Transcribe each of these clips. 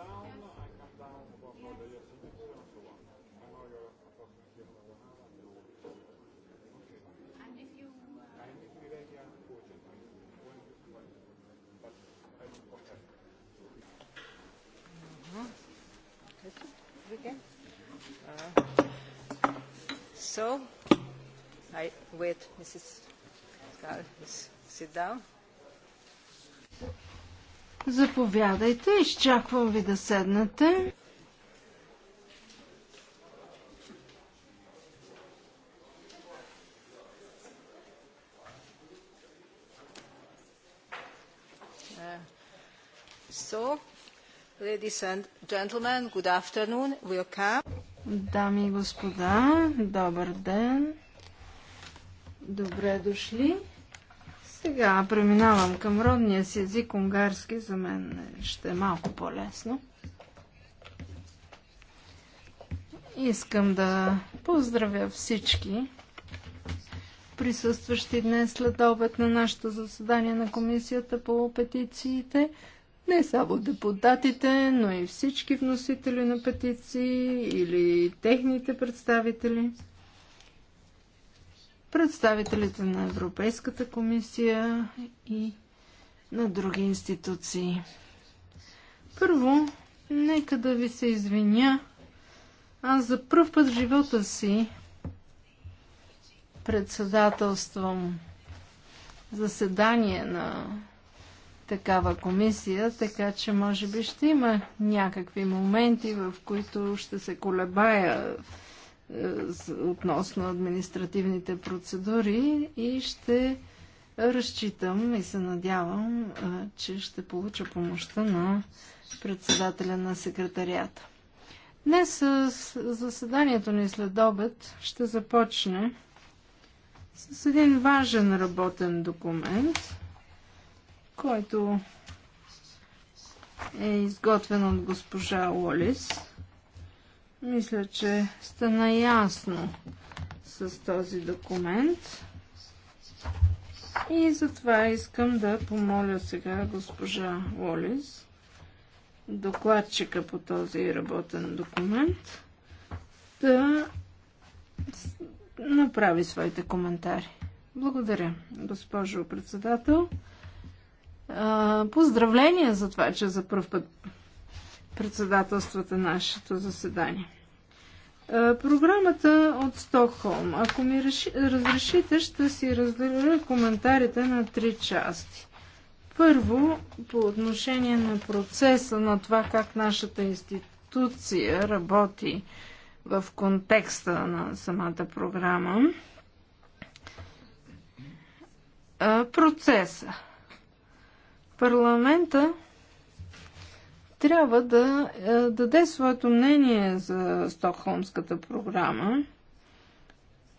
down, I come down for the Yasinics and so on. I know you're a here and you... Uh... And if but I will go so, I wait, Mrs. Scal, sit down. Заповядайте, изчаквам ви да седнете. Uh, so, ladies and gentlemen, good afternoon, welcome. Дами и господа, добър ден. Добре дошли. Сега преминавам към родния си език унгарски. За мен ще е малко по-лесно. Искам да поздравя всички присъстващи днес след обед на нашето заседание на Комисията по петициите. Не само депутатите, но и всички вносители на петиции или техните представители представителите на Европейската комисия и на други институции. Първо, нека да ви се извиня. Аз за първ път в живота си председателствам заседание на такава комисия, така че може би ще има някакви моменти, в които ще се колебая е, относно административните процедури и ще разчитам и се надявам, е, че ще получа помощта на председателя на секретарията. Днес е, заседанието ни след обед ще започне с един важен работен документ, който е изготвен от госпожа Уолис мисля, че сте наясно с този документ. И затова искам да помоля сега госпожа Волис, докладчика по този работен документ, да направи своите коментари. Благодаря, госпожо председател. Поздравления за това, че за първ път председателствате нашето заседание. Е, програмата от Стокхолм. Ако ми разрешите, ще си разделя коментарите на три части. Първо, по отношение на процеса на това как нашата институция работи в контекста на самата програма. Е, процеса. Парламента трябва да е, даде своето мнение за Стокхолмската програма,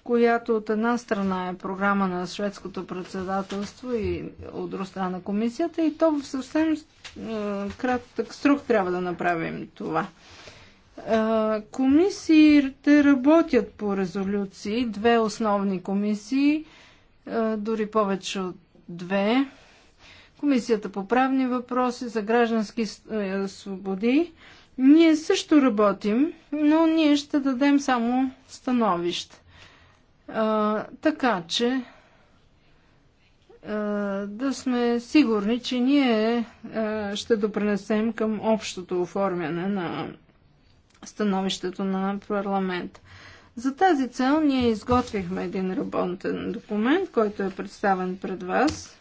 която от една страна е програма на шведското председателство и от друга страна на комисията и то в съвсем е, кратък срок трябва да направим това. Е, комисиите работят по резолюции, две основни комисии, дори повече от две Комисията по правни въпроси за граждански е, свободи. Ние също работим, но ние ще дадем само становище. А, така че а, да сме сигурни, че ние а, ще допринесем към общото оформяне на становището на парламент. За тази цел ние изготвихме един работен документ, който е представен пред вас.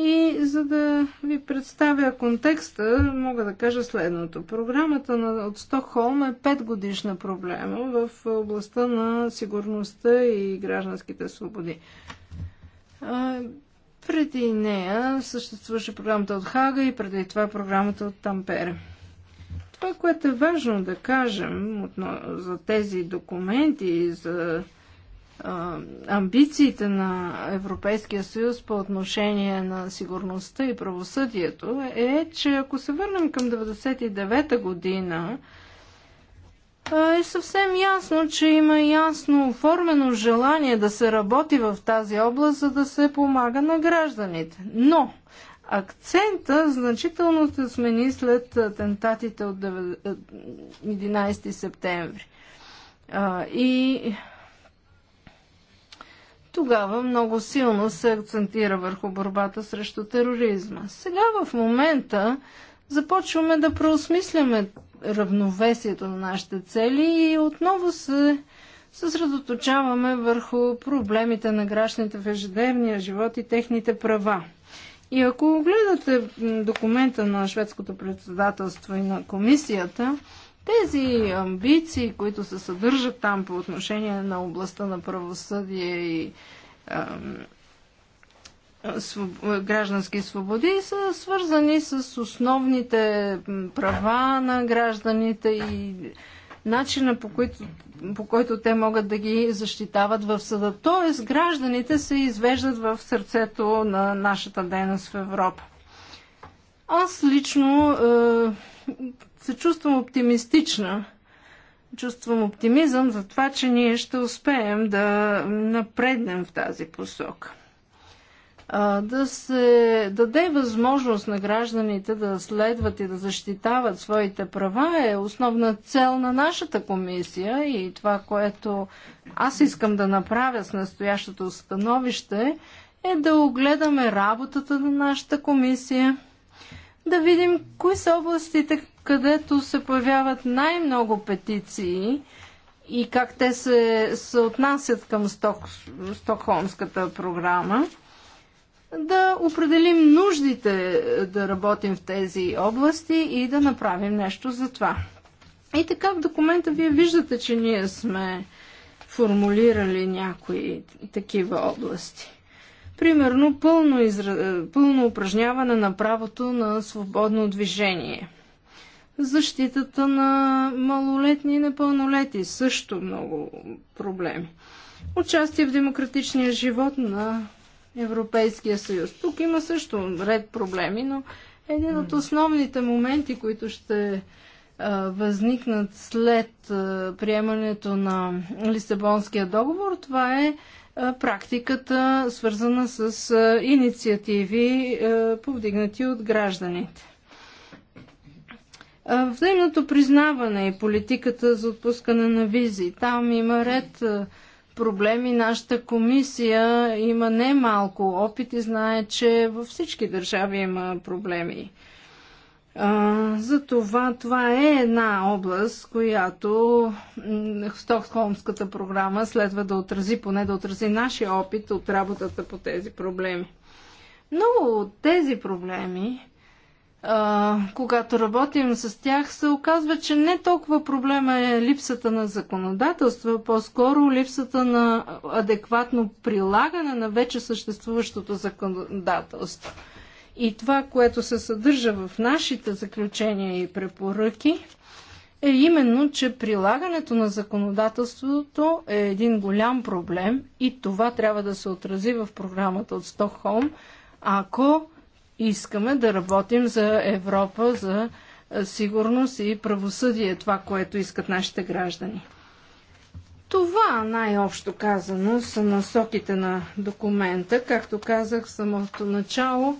И за да ви представя контекста, мога да кажа следното. Програмата на, от Стокхолм е 5 годишна проблема в областта на сигурността и гражданските свободи. Преди нея съществуваше програмата от Хага и преди това програмата от Тампере. Това, което е важно да кажем за тези документи и за амбициите на Европейския съюз по отношение на сигурността и правосъдието е, че ако се върнем към 99-та година, е съвсем ясно, че има ясно оформено желание да се работи в тази област, за да се помага на гражданите. Но акцента значително се смени след атентатите от 11 септември. И тогава много силно се акцентира върху борбата срещу тероризма. Сега в момента започваме да преосмисляме равновесието на нашите цели и отново се съсредоточаваме върху проблемите на гражданите в ежедневния живот и техните права. И ако гледате документа на шведското председателство и на комисията, тези амбиции, които се съдържат там по отношение на областта на правосъдие и граждански свободи са свързани с основните права на гражданите и начина по който, по който те могат да ги защитават в съда. Тоест, гражданите се извеждат в сърцето на нашата дейност в Европа. Аз лично е, се чувствам оптимистична. Чувствам оптимизъм за това, че ние ще успеем да напреднем в тази посока. Да се даде възможност на гражданите да следват и да защитават своите права е основна цел на нашата комисия и това, което аз искам да направя с настоящото становище е да огледаме работата на нашата комисия, да видим кои са областите, където се появяват най-много петиции и как те се, се отнасят към Сток, Стокхолмската програма, да определим нуждите да работим в тези области и да направим нещо за това. И така в документа вие виждате, че ние сме формулирали някои такива области. Примерно пълно, изра... пълно упражняване на правото на свободно движение – Защитата на малолетни и непълнолети също много проблеми. Участие в демократичния живот на Европейския съюз. Тук има също ред проблеми, но един от основните моменти, които ще възникнат след приемането на Лисабонския договор, това е практиката, свързана с инициативи, повдигнати от гражданите. Взаимното признаване и политиката за отпускане на визи. Там има ред проблеми. Нашата комисия има немалко опит и знае, че във всички държави има проблеми. Затова това, това е една област, която Стокхолмската програма следва да отрази, поне да отрази нашия опит от работата по тези проблеми. Много от тези проблеми а, когато работим с тях, се оказва, че не толкова проблема е липсата на законодателство, а по-скоро липсата на адекватно прилагане на вече съществуващото законодателство. И това, което се съдържа в нашите заключения и препоръки, е именно, че прилагането на законодателството е един голям проблем и това трябва да се отрази в програмата от Стокхолм, ако искаме да работим за Европа, за сигурност и правосъдие, това, което искат нашите граждани. Това, най-общо казано, са насоките на документа. Както казах в самото начало,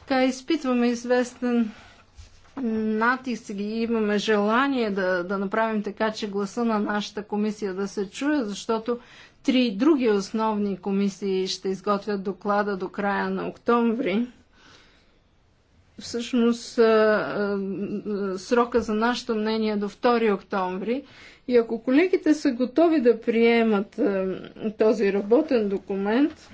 така изпитваме известен натиск и имаме желание да, да направим така, че гласа на нашата комисия да се чуе, защото три други основни комисии ще изготвят доклада до края на октомври всъщност срока за нашето мнение е до 2 октомври. И ако колегите са готови да приемат този работен документ,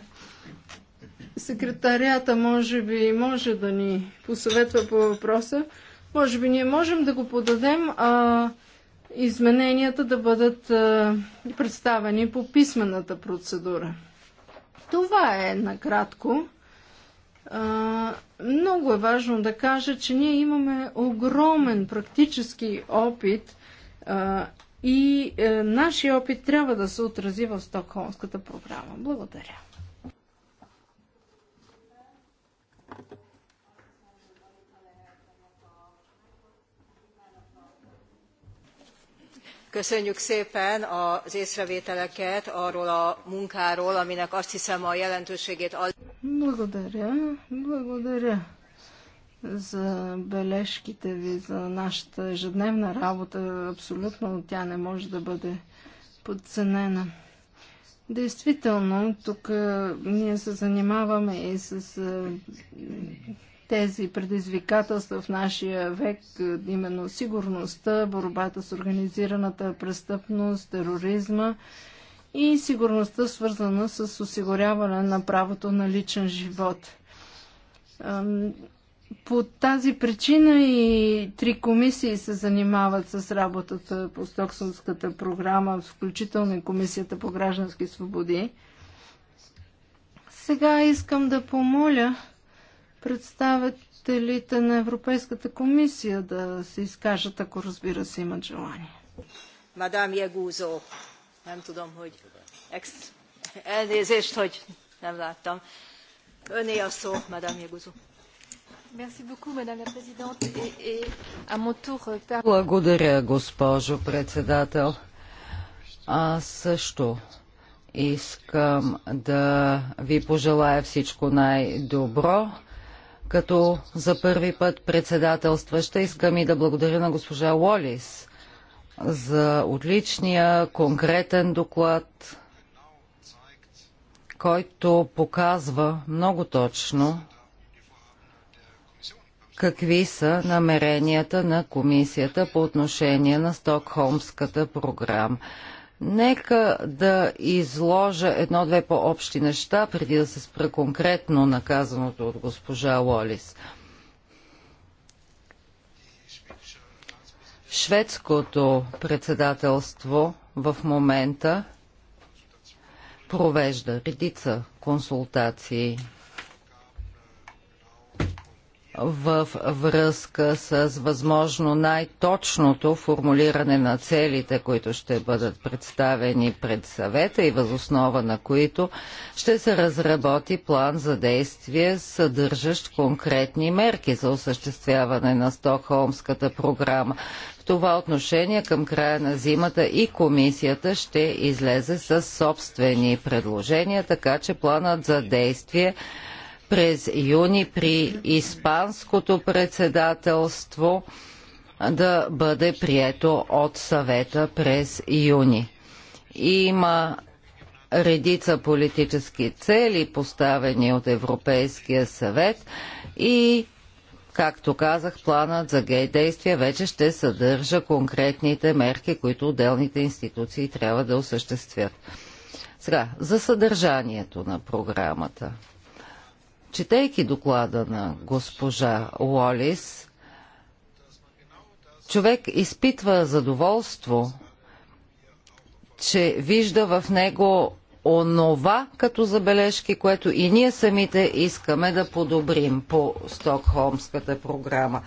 секретарията може би може да ни посъветва по въпроса. Може би ние можем да го подадем, а измененията да бъдат представени по писмената процедура. Това е накратко много е важно да кажа, че ние имаме огромен практически опит а, и а, е, нашия опит трябва да се отрази в Стокхолмската програма. Благодаря. Köszönjük szépen az észrevételeket arról a munkáról, aminek azt hiszem a jelentőségét... Благодаря. Благодаря за бележките ви, за нашата ежедневна работа. Абсолютно тя не може да бъде подценена. Действително, тук ние се занимаваме и с тези предизвикателства в нашия век, именно сигурността, борбата с организираната престъпност, тероризма и сигурността, свързана с осигуряване на правото на личен живот. По тази причина и три комисии се занимават с работата по Стоксонската програма, включително и Комисията по граждански свободи. Сега искам да помоля представителите на Европейската комисия да се изкажат, ако разбира се имат желание. Мадам Ягузо, nem tudom, hogy ex- elnézést, hogy nem láttam. Öné a szó, Madame Merci beaucoup, Madame la Présidente. Et, à mon Jeguzu. Благодаря, госпожо председател. Аз също искам да ви пожелая всичко най-добро. Като за първи път председателстваща искам и да благодаря на госпожа Уолис – за отличния конкретен доклад, който показва много точно какви са намеренията на комисията по отношение на Стокхолмската програма. Нека да изложа едно-две по-общи неща, преди да се спра конкретно наказаното от госпожа Лолис. Шведското председателство в момента провежда редица консултации в връзка с възможно най-точното формулиране на целите, които ще бъдат представени пред съвета и възоснова на които ще се разработи план за действие, съдържащ конкретни мерки за осъществяване на Стокхолмската програма. В това отношение към края на зимата и комисията ще излезе с собствени предложения, така че планът за действие през юни при Испанското председателство да бъде прието от съвета през юни. Има редица политически цели, поставени от Европейския съвет и Както казах, планът за гей действия вече ще съдържа конкретните мерки, които отделните институции трябва да осъществят. Сега, за съдържанието на програмата – Четейки доклада на госпожа Уолис, човек изпитва задоволство, че вижда в него онова като забележки, което и ние самите искаме да подобрим по Стокхолмската програма.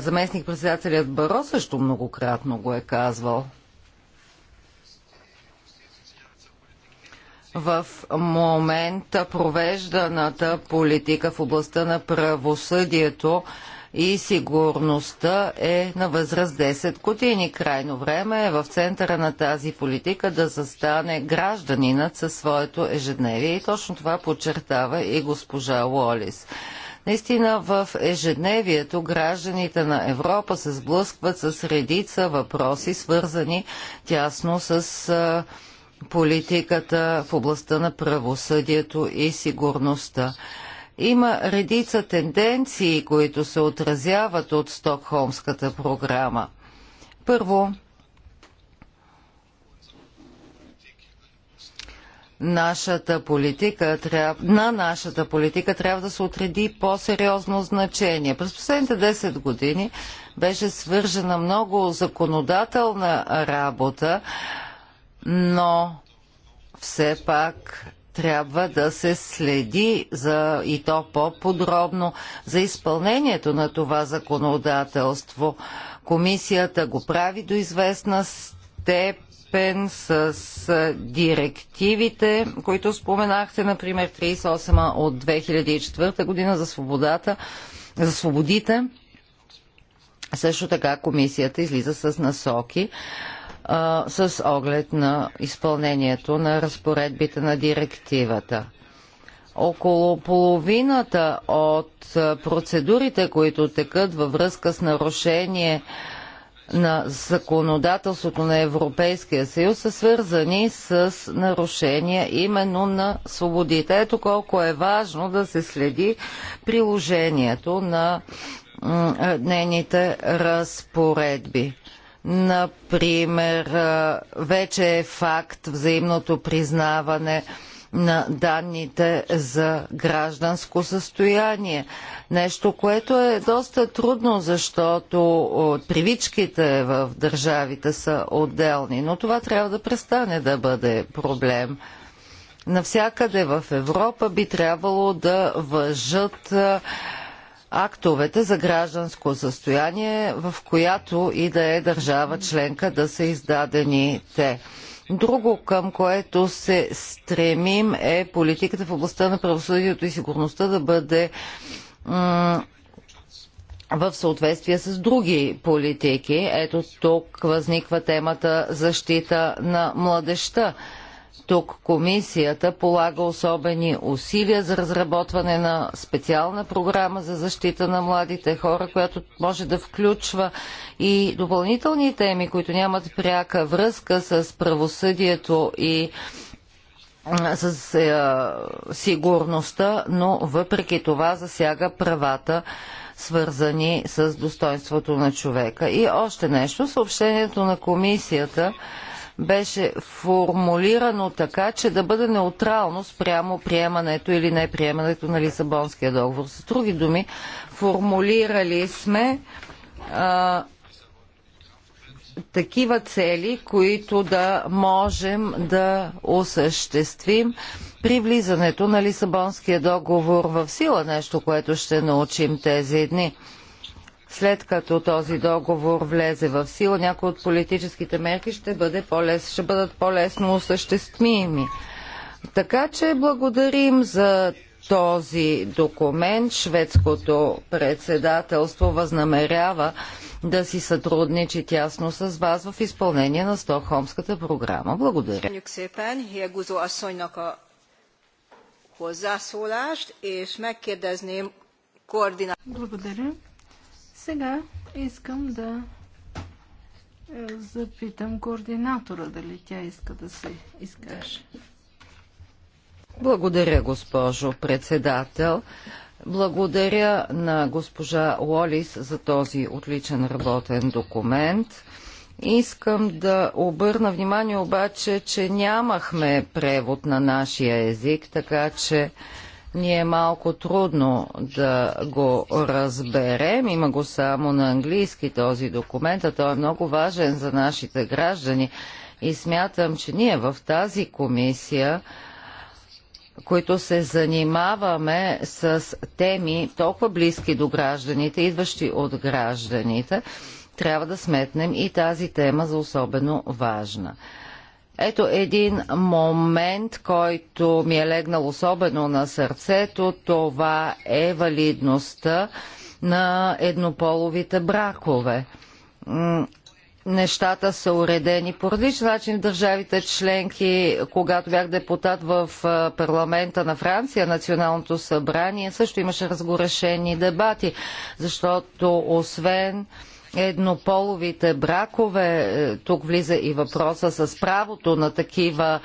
заместник председателят Баро също многократно го е казвал – в момента провежданата политика в областта на правосъдието и сигурността е на възраст 10 години. Крайно време е в центъра на тази политика да застане гражданинът със своето ежедневие и точно това подчертава и госпожа Лолис. Наистина в ежедневието гражданите на Европа се сблъскват с редица въпроси, свързани тясно с политиката в областта на правосъдието и сигурността. Има редица тенденции, които се отразяват от Стокхолмската програма. Първо, нашата политика, на нашата политика трябва да се отреди по-сериозно значение. През последните 10 години беше свържена много законодателна работа но все пак трябва да се следи за, и то по-подробно за изпълнението на това законодателство. Комисията го прави до известна степен с директивите, които споменахте, например 38 от 2004 година за свободата, за свободите. Също така комисията излиза с насоки а, с оглед на изпълнението на разпоредбите на директивата. Около половината от процедурите, които текат във връзка с нарушение на законодателството на Европейския съюз са свързани с нарушения именно на свободите. Ето колко е важно да се следи приложението на нейните разпоредби. Например, вече е факт взаимното признаване на данните за гражданско състояние. Нещо, което е доста трудно, защото привичките в държавите са отделни. Но това трябва да престане да бъде проблем. Навсякъде в Европа би трябвало да въжат актовете за гражданско състояние, в която и да е държава членка да са издадени те. Друго, към което се стремим е политиката в областта на правосъдието и сигурността да бъде в съответствие с други политики. Ето тук възниква темата защита на младеща. Тук комисията полага особени усилия за разработване на специална програма за защита на младите хора, която може да включва и допълнителни теми, които нямат пряка връзка с правосъдието и с е, сигурността, но въпреки това засяга правата свързани с достоинството на човека. И още нещо, съобщението на комисията беше формулирано така, че да бъде неутрално спрямо приемането или неприемането на Лисабонския договор. С други думи, формулирали сме а, такива цели, които да можем да осъществим при влизането на Лисабонския договор в сила, нещо, което ще научим тези дни след като този договор влезе в сила, някои от политическите мерки ще, бъде по-лес, ще бъдат по-лесно осъществими. Така че благодарим за този документ. Шведското председателство възнамерява да си сътрудничи тясно с вас в изпълнение на Стокхолмската програма. Благодаря. Благодаря. Сега искам да е, запитам координатора дали тя иска да се изкаже. Благодаря, госпожо председател. Благодаря на госпожа Лолис за този отличен работен документ. Искам да обърна внимание обаче, че нямахме превод на нашия език, така че ни е малко трудно да го разберем. Има го само на английски този документ, а той е много важен за нашите граждани. И смятам, че ние в тази комисия които се занимаваме с теми толкова близки до гражданите, идващи от гражданите, трябва да сметнем и тази тема за особено важна. Ето един момент, който ми е легнал особено на сърцето, това е валидността на еднополовите бракове. Нещата са уредени по различен начин в държавите членки. Когато бях депутат в парламента на Франция, Националното събрание, също имаше разгорешени дебати, защото освен еднополовите бракове. Е, тук влиза и въпроса с правото на такива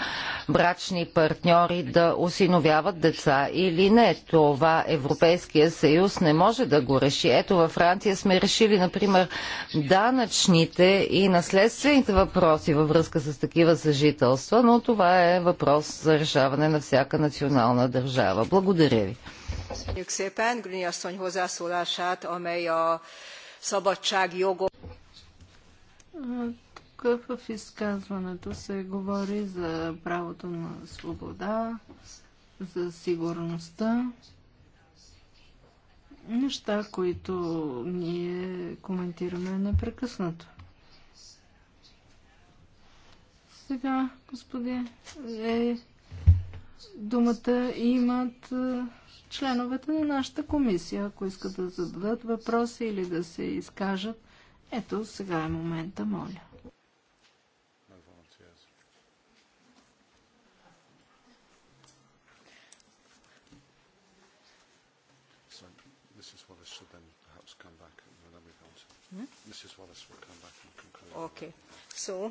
брачни партньори да осиновяват деца или не. Това Европейския съюз не може да го реши. Ето във Франция сме решили, например, данъчните и наследствените въпроси във връзка с такива съжителства, но това е въпрос за решаване на всяка национална държава. Благодаря ви. Köszönjük szépen Grüni asszony hozzászólását, amely a szabadságjogok. Тук в изказването се говори за правото на свобода, за сигурността. Неща, които ние коментираме непрекъснато. Сега, господи, е, думата имат членовете на нашата комисия, ако искат да зададат въпроси или да се изкажат. Ето, сега е момента, моля. Mrs. Hmm? Okay. So,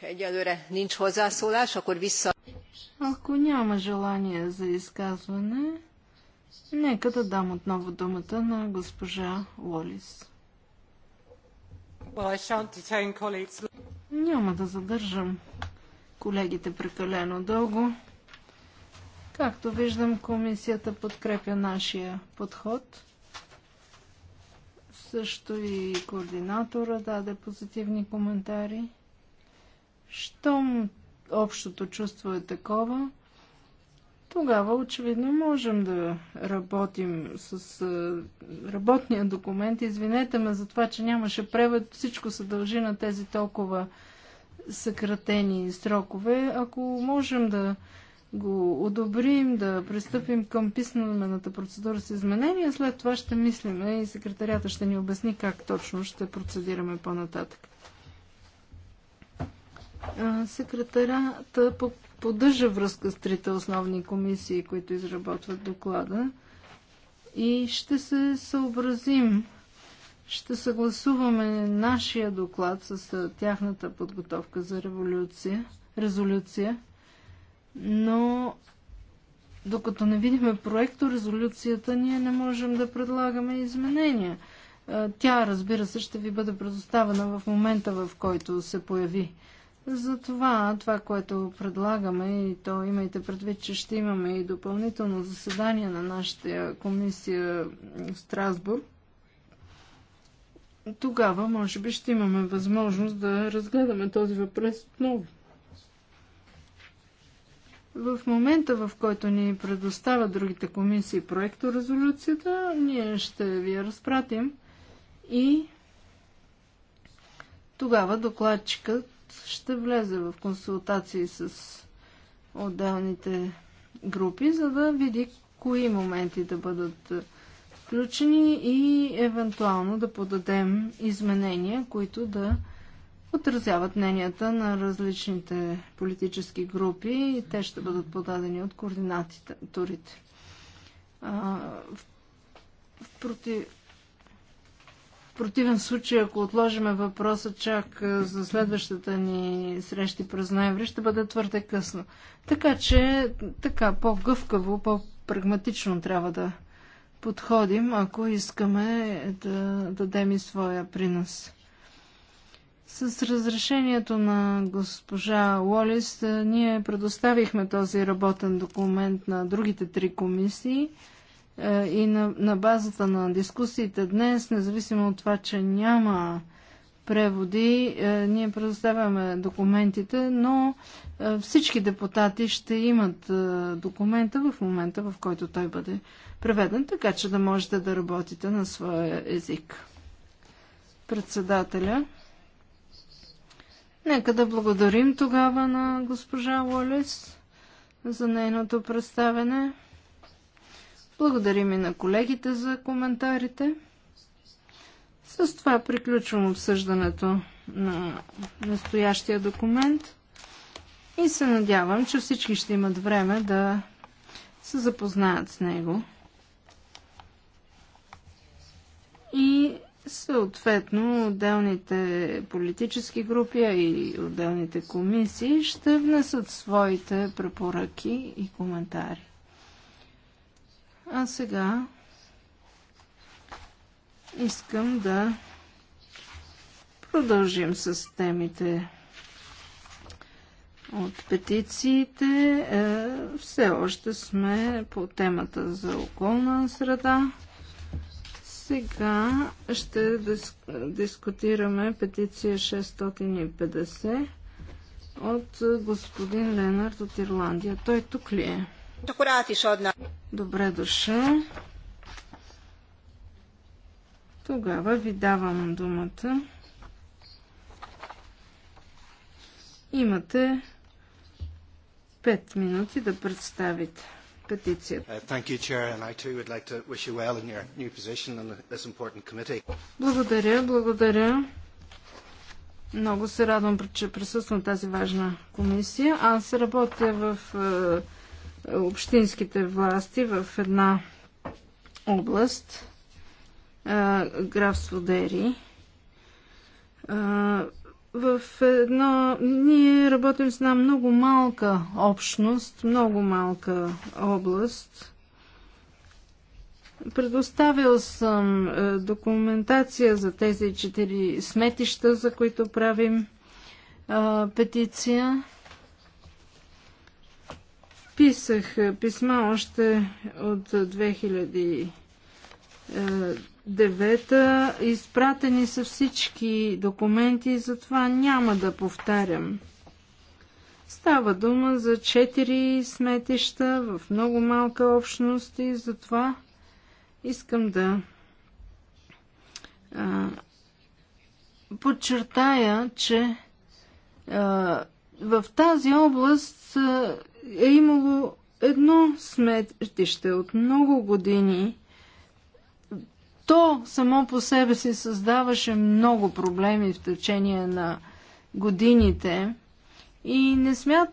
ha egyelőre nincs hozzászólás, akkor vissza... Ако няма желание за изказване, нека да дам отново думата на госпожа Лолис. Well, няма да задържам колегите прекалено дълго. Както виждам, комисията подкрепя нашия подход. Също и координатора даде позитивни коментари. Щом общото чувство е такова, тогава очевидно можем да работим с работния документ. Извинете ме за това, че нямаше превод. Всичко се дължи на тези толкова съкратени срокове. Ако можем да го одобрим, да пристъпим към писмената процедура с изменения, след това ще мислиме и секретарята ще ни обясни как точно ще процедираме по-нататък. Секретарята поддържа връзка с трите основни комисии, които изработват доклада и ще се съобразим. Ще съгласуваме нашия доклад с тяхната подготовка за революция, резолюция, но докато не видим проекто резолюцията, ние не можем да предлагаме изменения. Тя, разбира се, ще ви бъде предоставена в момента, в който се появи. Затова това, което предлагаме, и то имайте предвид, че ще имаме и допълнително заседание на нашата комисия в Страсбург, тогава може би ще имаме възможност да разгледаме този въпрос отново. В момента, в който ни предоставят другите комисии проекто резолюцията, ние ще ви я разпратим и тогава докладчикът ще влезе в консултации с отделните групи, за да види кои моменти да бъдат включени и евентуално да подадем изменения, които да отразяват мненията на различните политически групи и те ще бъдат подадени от координаторите. В против противен случай, ако отложиме въпроса чак за следващата ни срещи през ноември, ще бъде твърде късно. Така че, така, по-гъвкаво, по-прагматично трябва да подходим, ако искаме да дадем и своя принос. С разрешението на госпожа Уолис, ние предоставихме този работен документ на другите три комисии – е, и на, на базата на дискусиите днес, независимо от това, че няма преводи, е, ние предоставяме документите, но е, всички депутати ще имат документа в момента, в който той бъде преведен, така че да можете да работите на своя език. Председателя. Нека да благодарим тогава на госпожа Уолес за нейното представене. Благодарим и на колегите за коментарите. С това приключвам обсъждането на настоящия документ и се надявам, че всички ще имат време да се запознаят с него. И съответно отделните политически групи и отделните комисии ще внесат своите препоръки и коментари. А сега искам да продължим с темите от петициите. Е, все още сме по темата за околна среда. Сега ще дискутираме петиция 650 от господин Ленард от Ирландия. Той тук ли е? Добре дошъл. Тогава ви давам думата. Имате 5 минути да представите петицията. Uh, благодаря, благодаря. Много се радвам, че присъствам тази важна комисия. Аз работя в uh, общинските власти в една област, графство Дери. В едно... Ние работим с една много малка общност, много малка област. Предоставил съм документация за тези четири сметища, за които правим петиция писах е, писма още от 2009. Е, Изпратени са всички документи, затова няма да повтарям. Става дума за четири сметища в много малка общност и затова искам да а, подчертая, че а, в тази област е имало едно сметище от много години. То само по себе си създаваше много проблеми в течение на годините. И не смят,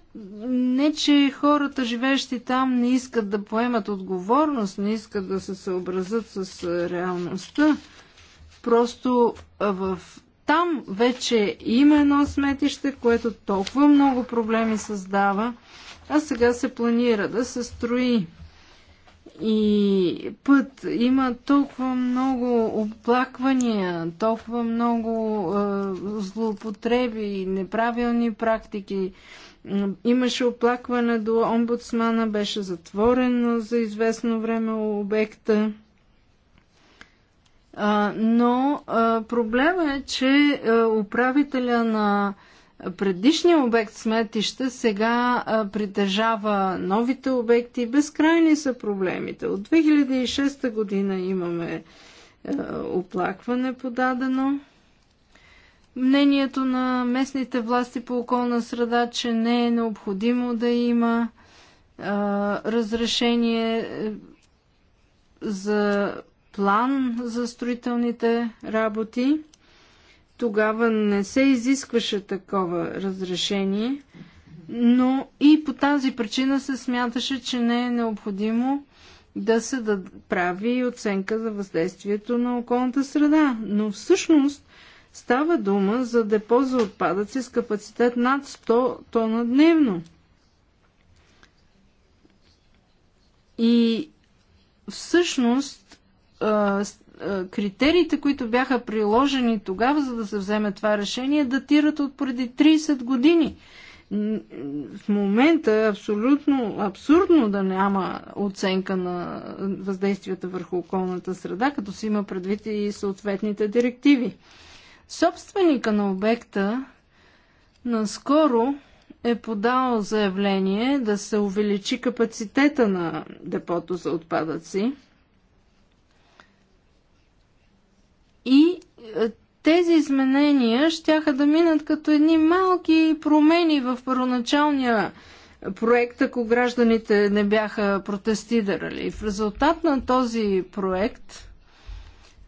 не че хората, живеещи там, не искат да поемат отговорност, не искат да се съобразят с реалността. Просто в там вече има едно сметище, което толкова много проблеми създава, а сега се планира да се строи. И път има толкова много оплаквания, толкова много е, злоупотреби, неправилни практики. Имаше оплакване до омбудсмана, беше затворен за известно време обекта. но проблема е, че управителя на предишния обект сметища сега притежава новите обекти. Безкрайни са проблемите. От 2006 година имаме е, оплакване подадено. Мнението на местните власти по околна среда, че не е необходимо да има разрешение е, за план за строителните работи. Тогава не се изискваше такова разрешение, но и по тази причина се смяташе, че не е необходимо да се да прави оценка за въздействието на околната среда. Но всъщност става дума за депо за отпадъци с капацитет над 100 тона дневно. И всъщност е, критериите, които бяха приложени тогава, за да се вземе това решение, датират от преди 30 години. В момента е абсолютно абсурдно да няма оценка на въздействията върху околната среда, като се има предвид и съответните директиви. Собственика на обекта наскоро е подал заявление да се увеличи капацитета на депото за отпадъци – И е, тези изменения ще да минат като едни малки промени в първоначалния проект, ако гражданите не бяха протестирали. В резултат на този проект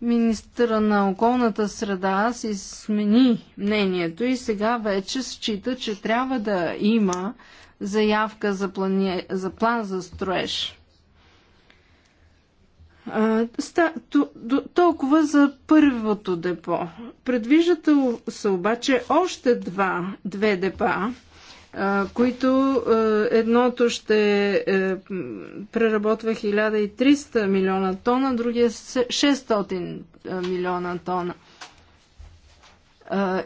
министъра на околната среда си смени мнението и сега вече счита, че трябва да има заявка за, плани... за план за строеж толкова за първото депо. Предвиждате се обаче още два, две депа, които едното ще е, преработва 1300 милиона тона, другия 600 милиона тона.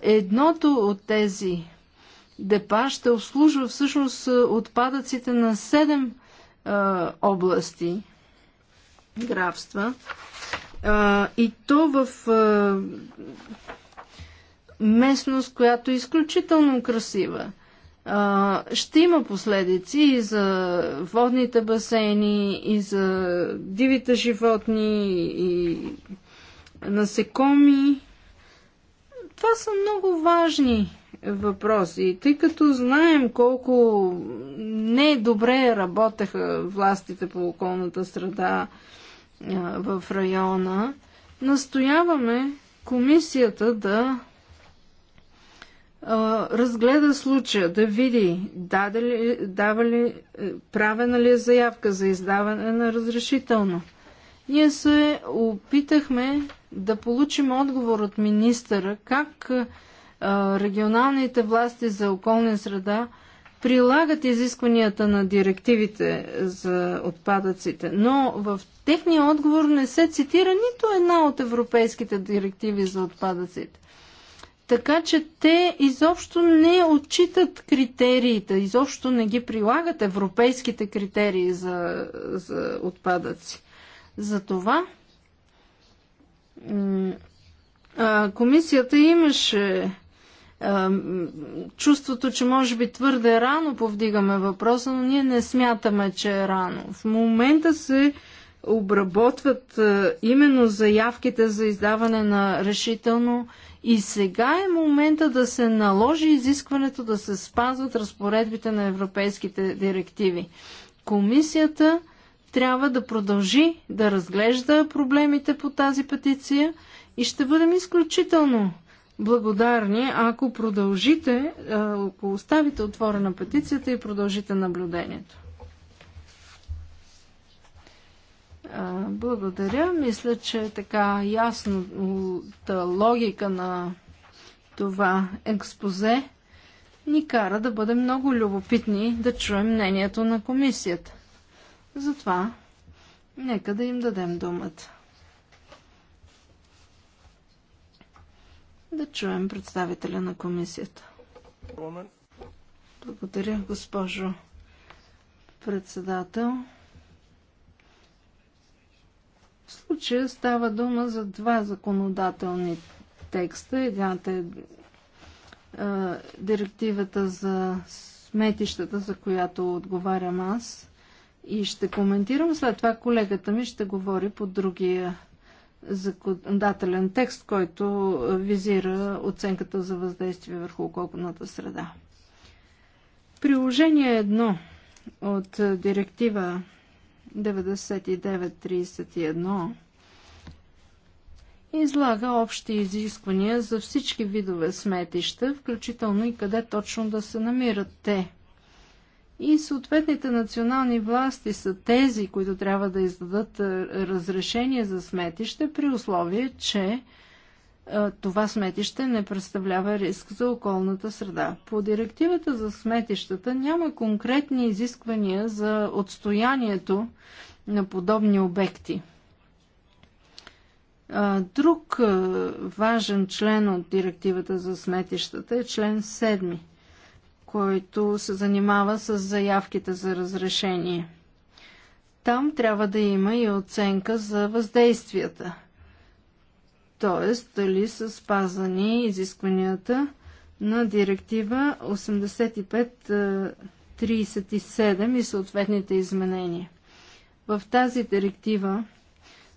Едното от тези депа ще обслужва всъщност отпадъците на 7 области графства. А, и то в а, местност, която е изключително красива. А, ще има последици и за водните басейни, и за дивите животни, и насекоми. Това са много важни въпроси. Тъй като знаем колко не добре работеха властите по околната среда, в района, настояваме комисията да разгледа случая, да види даде ли, дава ли, е, правена ли е заявка за издаване на разрешително. Ние се опитахме да получим отговор от министъра как регионалните власти за околна среда прилагат изискванията на директивите за отпадъците, но в техния отговор не се цитира нито една от европейските директиви за отпадъците. Така че те изобщо не отчитат критериите, изобщо не ги прилагат европейските критерии за, за отпадъци. Затова комисията имаше чувството, че може би твърде рано повдигаме въпроса, но ние не смятаме, че е рано. В момента се обработват именно заявките за издаване на решително и сега е момента да се наложи изискването да се спазват разпоредбите на европейските директиви. Комисията трябва да продължи да разглежда проблемите по тази петиция и ще бъдем изключително благодарни, ако продължите, е, ако оставите отворена петицията и продължите наблюдението. Е, благодаря. Мисля, че е така ясната логика на това експозе ни кара да бъдем много любопитни да чуем мнението на комисията. Затова, нека да им дадем думата. Да чуем представителя на комисията. Благодаря, госпожо председател. В случая става дума за два законодателни текста. Едната е, е директивата за сметищата, за която отговарям аз и ще коментирам. След това колегата ми ще говори по другия законодателен текст, който визира оценката за въздействие върху околната среда. Приложение 1 от директива 9931 излага общи изисквания за всички видове сметища, включително и къде точно да се намират те – и съответните национални власти са тези, които трябва да издадат е, разрешение за сметище при условие, че е, това сметище не представлява риск за околната среда. По директивата за сметищата няма конкретни изисквания за отстоянието на подобни обекти. Друг е, важен член от директивата за сметищата е член 7 който се занимава с заявките за разрешение. Там трябва да има и оценка за въздействията, т.е. дали са спазани изискванията на директива 8537 и съответните изменения. В тази директива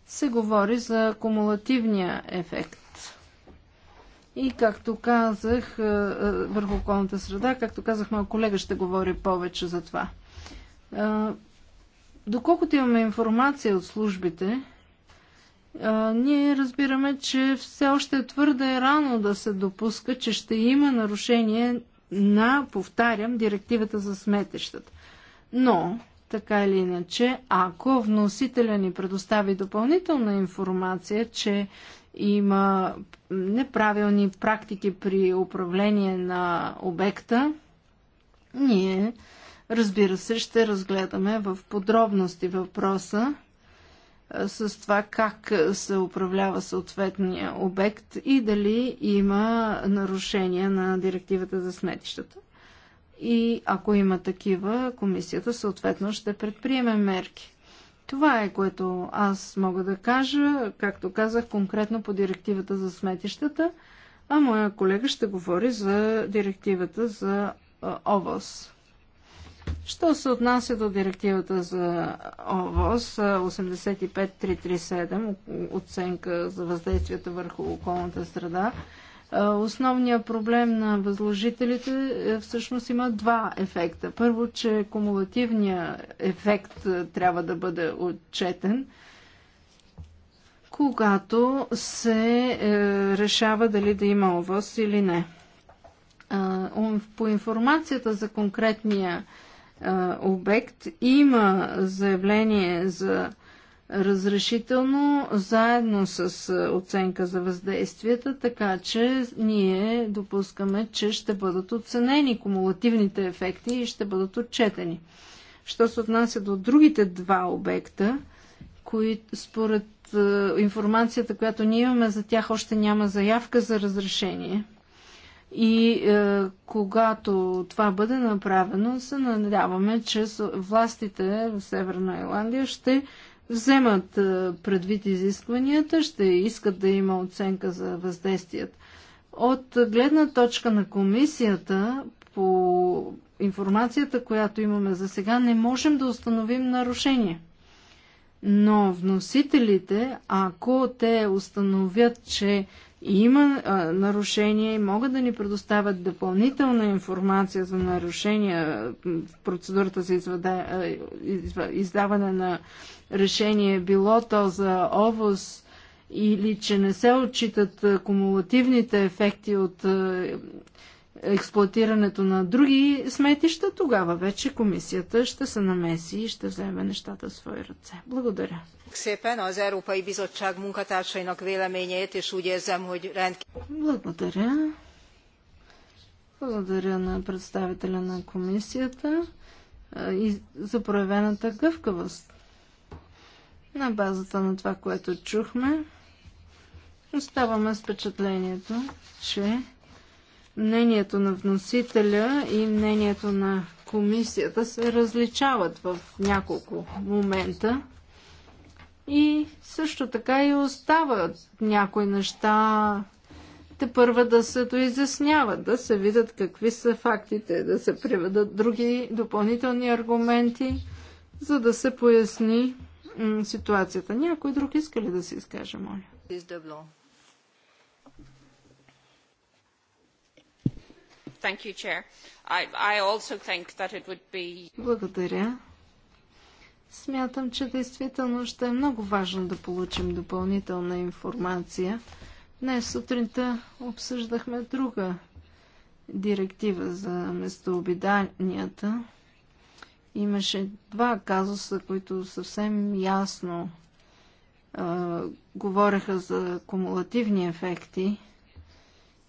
се говори за кумулативния ефект. И както казах, е, е, върху околната среда, както казах, моя колега ще говори повече за това. Е, доколкото имаме информация от службите, ние разбираме, че все още е твърде рано да се допуска, че ще има нарушение на, повтарям, директивата за сметещата. Но, така или иначе, ако вносителя ни предостави допълнителна информация, че има неправилни практики при управление на обекта, ние, разбира се, ще разгледаме в подробности въпроса с това как се управлява съответния обект и дали има нарушения на директивата за сметищата. И ако има такива, комисията съответно ще предприеме мерки. Това е което аз мога да кажа, както казах, конкретно по директивата за сметищата, а моя колега ще говори за директивата за ОВОС. Що се отнася до директивата за ОВОС 85337, оценка за въздействията върху околната среда, Основният проблем на възложителите е, всъщност има два ефекта. Първо, че кумулативният ефект е, трябва да бъде отчетен, когато се е, решава дали да има ОВОС или не. По информацията за конкретния обект има заявление за разрешително, заедно с е, оценка за въздействията, така че ние допускаме, че ще бъдат оценени кумулативните ефекти и ще бъдат отчетени. Що се отнася до другите два обекта, които според е, информацията, която ние имаме за тях, още няма заявка за разрешение. И е, когато това бъде направено, се надяваме, че властите в Северна Ирландия ще вземат предвид изискванията, ще искат да има оценка за въздействият. От гледна точка на комисията, по информацията, която имаме за сега, не можем да установим нарушение. Но вносителите, ако те установят, че има а, нарушения и могат да ни предоставят допълнителна информация за нарушения в процедурата за извада, а, изва, издаване на решение, било то за овоз или че не се отчитат а, кумулативните ефекти от а, експлуатирането на други сметища, тогава вече комисията ще се намеси и ще вземе нещата в свои ръце. Благодаря. Благодаря. Благодаря на представителя на комисията и за проявената гъвкавост. На базата на това, което чухме, оставаме с впечатлението, че мнението на вносителя и мнението на комисията се различават в няколко момента. И също така и остават някои неща те първа да се доизясняват, да се видят какви са фактите, да се приведат други допълнителни аргументи, за да се поясни ситуацията. Някой друг иска ли да се изкаже, моля? Благодаря. Смятам, че действително ще е много важно да получим допълнителна информация. Днес сутринта обсъждахме друга директива за местообиданията. Имаше два казуса, които съвсем ясно а, говореха за кумулативни ефекти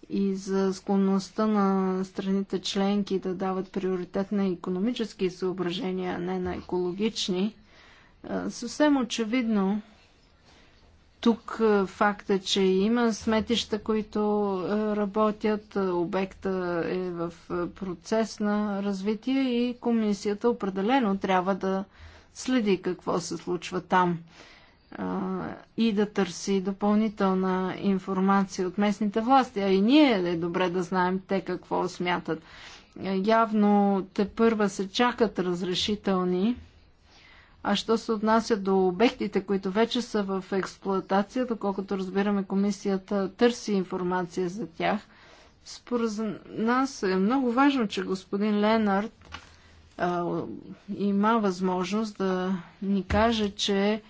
и за склонността на страните членки да дават приоритет на економически съображения, а не на екологични, съвсем очевидно тук факта, е, че има сметища, които работят, обекта е в процес на развитие и комисията определено трябва да следи какво се случва там и да търси допълнителна информация от местните власти. А и ние е добре да знаем те какво смятат. Е, явно те първа се чакат разрешителни. А що се отнася до обектите, които вече са в експлоатация, доколкото разбираме, комисията търси информация за тях. Според нас е много важно, че господин Ленард а, има възможност да ни каже, че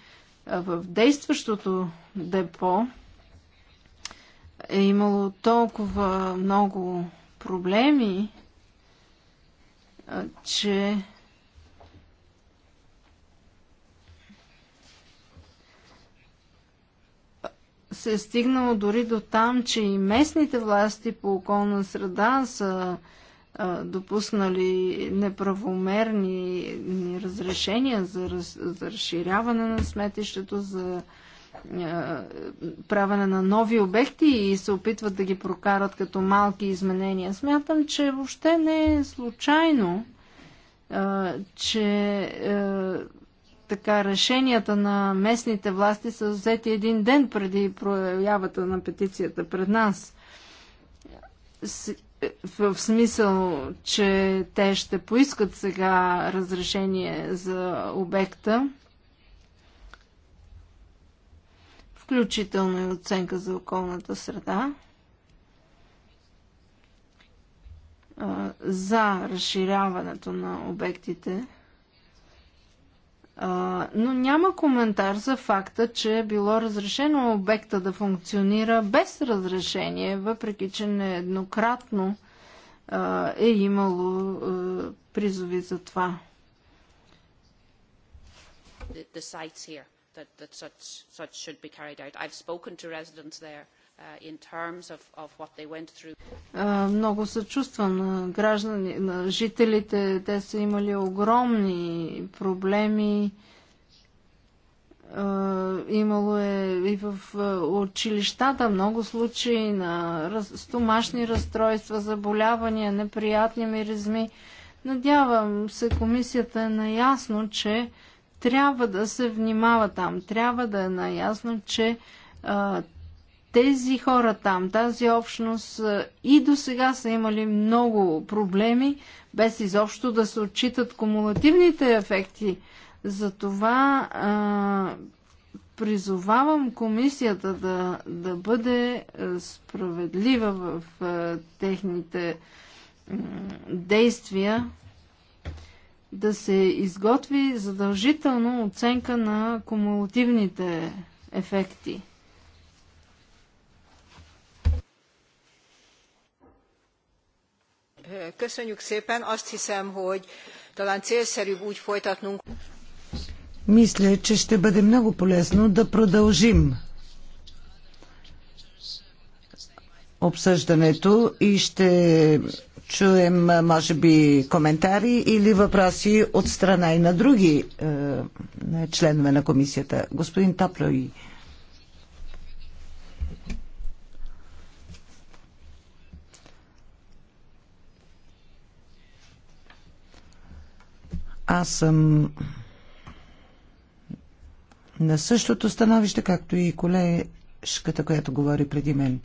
в действащото депо е имало толкова много проблеми, че се е стигнало дори до там, че и местните власти по околна среда са допуснали неправомерни разрешения за, раз, за разширяване на сметището, за правене на нови обекти и се опитват да ги прокарат като малки изменения. Смятам, че въобще не е случайно, че така решенията на местните власти са взети един ден преди проявата на петицията пред нас в смисъл, че те ще поискат сега разрешение за обекта, включително и оценка за околната среда, за разширяването на обектите а, но няма коментар за факта, че е било разрешено обекта да функционира без разрешение, въпреки че нееднократно е имало призови за това. The, the sites here that, that such, such should be carried out. I've spoken to residents there Uh, много съчувствам на граждани, на жителите. Те са имали огромни проблеми. Имало е и в училищата много случаи на стомашни разстройства, заболявания, неприятни миризми. Надявам се, комисията е наясно, че трябва да се внимава там. Трябва да е наясно, че тези хора там, тази общност е, и до сега са имали много проблеми, без изобщо да се отчитат кумулативните ефекти. Затова а, призовавам комисията да, да бъде е, справедлива в а, е, техните действия да се изготви задължително оценка на кумулативните ефекти. Köszönjük szépen. Azt hiszem, hogy talán célszerűbb úgy folytatnunk. Мисля, че ще бъде много полезно да продължим обсъждането и ще чуем, може би, коментари или въпроси от страна и на други е, членове на комисията. Господин Таплой. Аз съм на същото становище, както и колежката, която говори преди мен.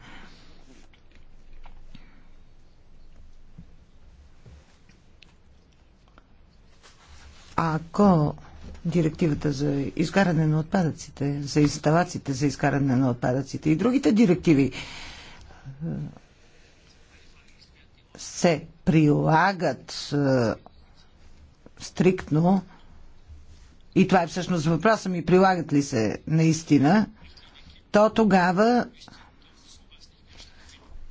Ако директивата за изгаране на отпадъците, за инсталациите за изгаране на отпадъците и другите директиви е, се прилагат е, стриктно, и това е всъщност въпроса ми, прилагат ли се наистина, то тогава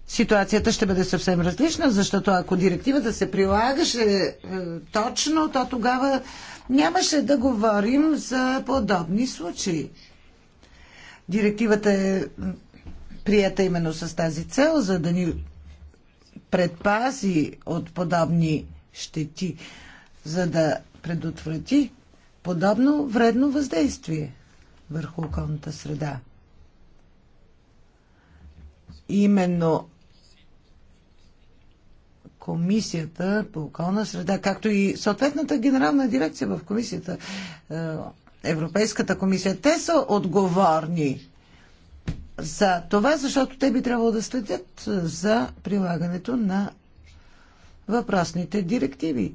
ситуацията ще бъде съвсем различна, защото ако директивата се прилагаше е, точно, то тогава нямаше да говорим за подобни случаи. Директивата е прията именно с тази цел, за да ни предпази от подобни щети за да предотврати подобно вредно въздействие върху околната среда. Именно Комисията по околна среда, както и съответната генерална дирекция в Комисията, е, Европейската комисия, те са отговорни за това, защото те би трябвало да следят за прилагането на въпросните директиви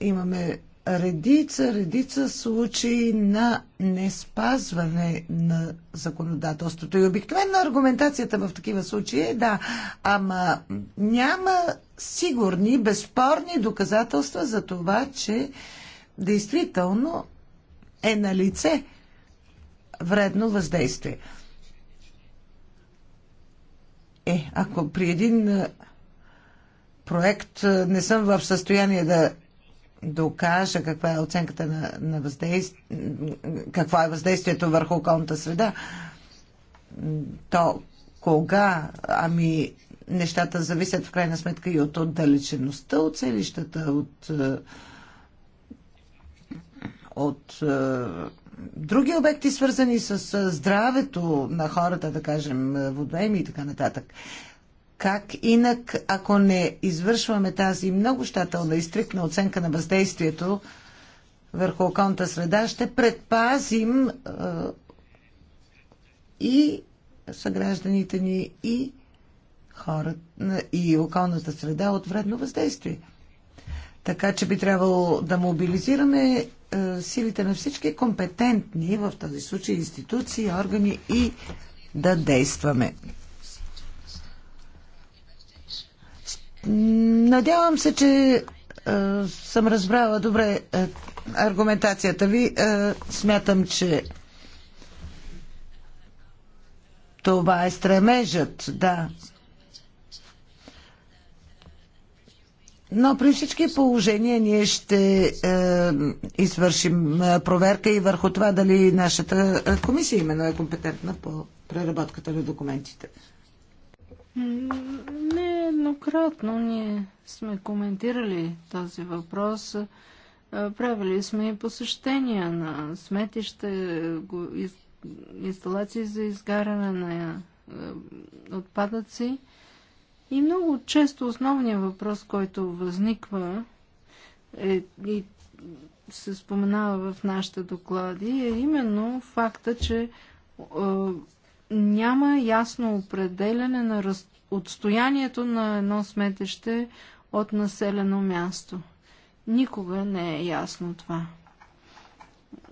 имаме редица, редица случаи на неспазване на законодателството. И обикновено аргументацията в такива случаи е да, ама няма сигурни, безспорни доказателства за това, че действително е на лице вредно въздействие. Е, ако при един проект не съм в състояние да докажа каква е оценката на, на въздействие, какво е въздействието върху околната среда, то кога, ами нещата зависят в крайна сметка и от отдалечеността от селищата, от, е, от е, други обекти, свързани с е, здравето на хората, да кажем, водоеми и така нататък. Как инак, ако не извършваме тази много щателна и стриктна оценка на въздействието върху околната среда, ще предпазим е, и съгражданите ни, и хората, и околната среда от вредно въздействие. Така че би трябвало да мобилизираме е, силите на всички компетентни, в този случай институции, органи и да действаме. Надявам се, че съм разбрала добре е, аргументацията ви. Смятам, че това е стремежът, да. Но при всички положения ние ще е, извършим е, проверка и върху това дали нашата е, комисия именно е компетентна по преработката на документите. Нееднократно ние сме коментирали този въпрос. Правили сме и посещения на сметище, инсталации за изгаряне на отпадъци. И много често основният въпрос, който възниква е, и се споменава в нашите доклади, е именно факта, че няма ясно определене на раз... отстоянието на едно сметеще от населено място. Никога не е ясно това.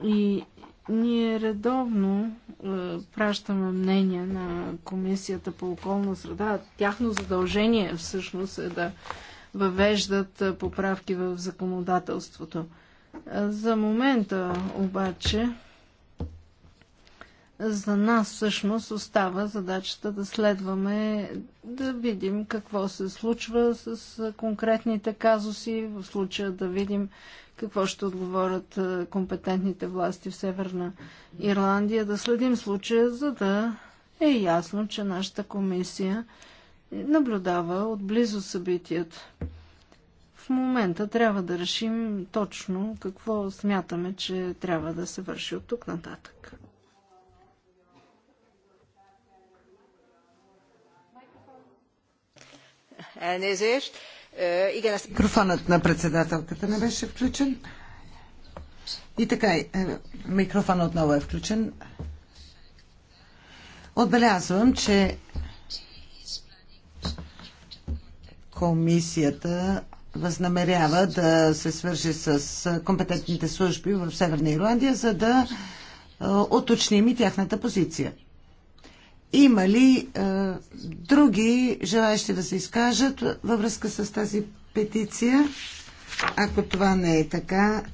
И ние редовно е, пращаме мнения на Комисията по околна среда. Тяхно задължение всъщност е да въвеждат е, поправки в законодателството. Е, за момента обаче за нас всъщност остава задачата да следваме, да видим какво се случва с конкретните казуси, в случая да видим какво ще отговорят компетентните власти в Северна Ирландия, да следим случая, за да е ясно, че нашата комисия наблюдава отблизо събитията. В момента трябва да решим точно какво смятаме, че трябва да се върши от тук нататък. Elnézést. Igen, ezt... Микрофонът на председателката не беше включен. И така, микрофон е, отново е включен. Отбелязвам, че комисията възнамерява да се свържи с компетентните служби в Северна Ирландия, за да е, уточним и тяхната позиция. Има ли е, други желаящи да се изкажат във връзка с тази петиция? Ако това не е така,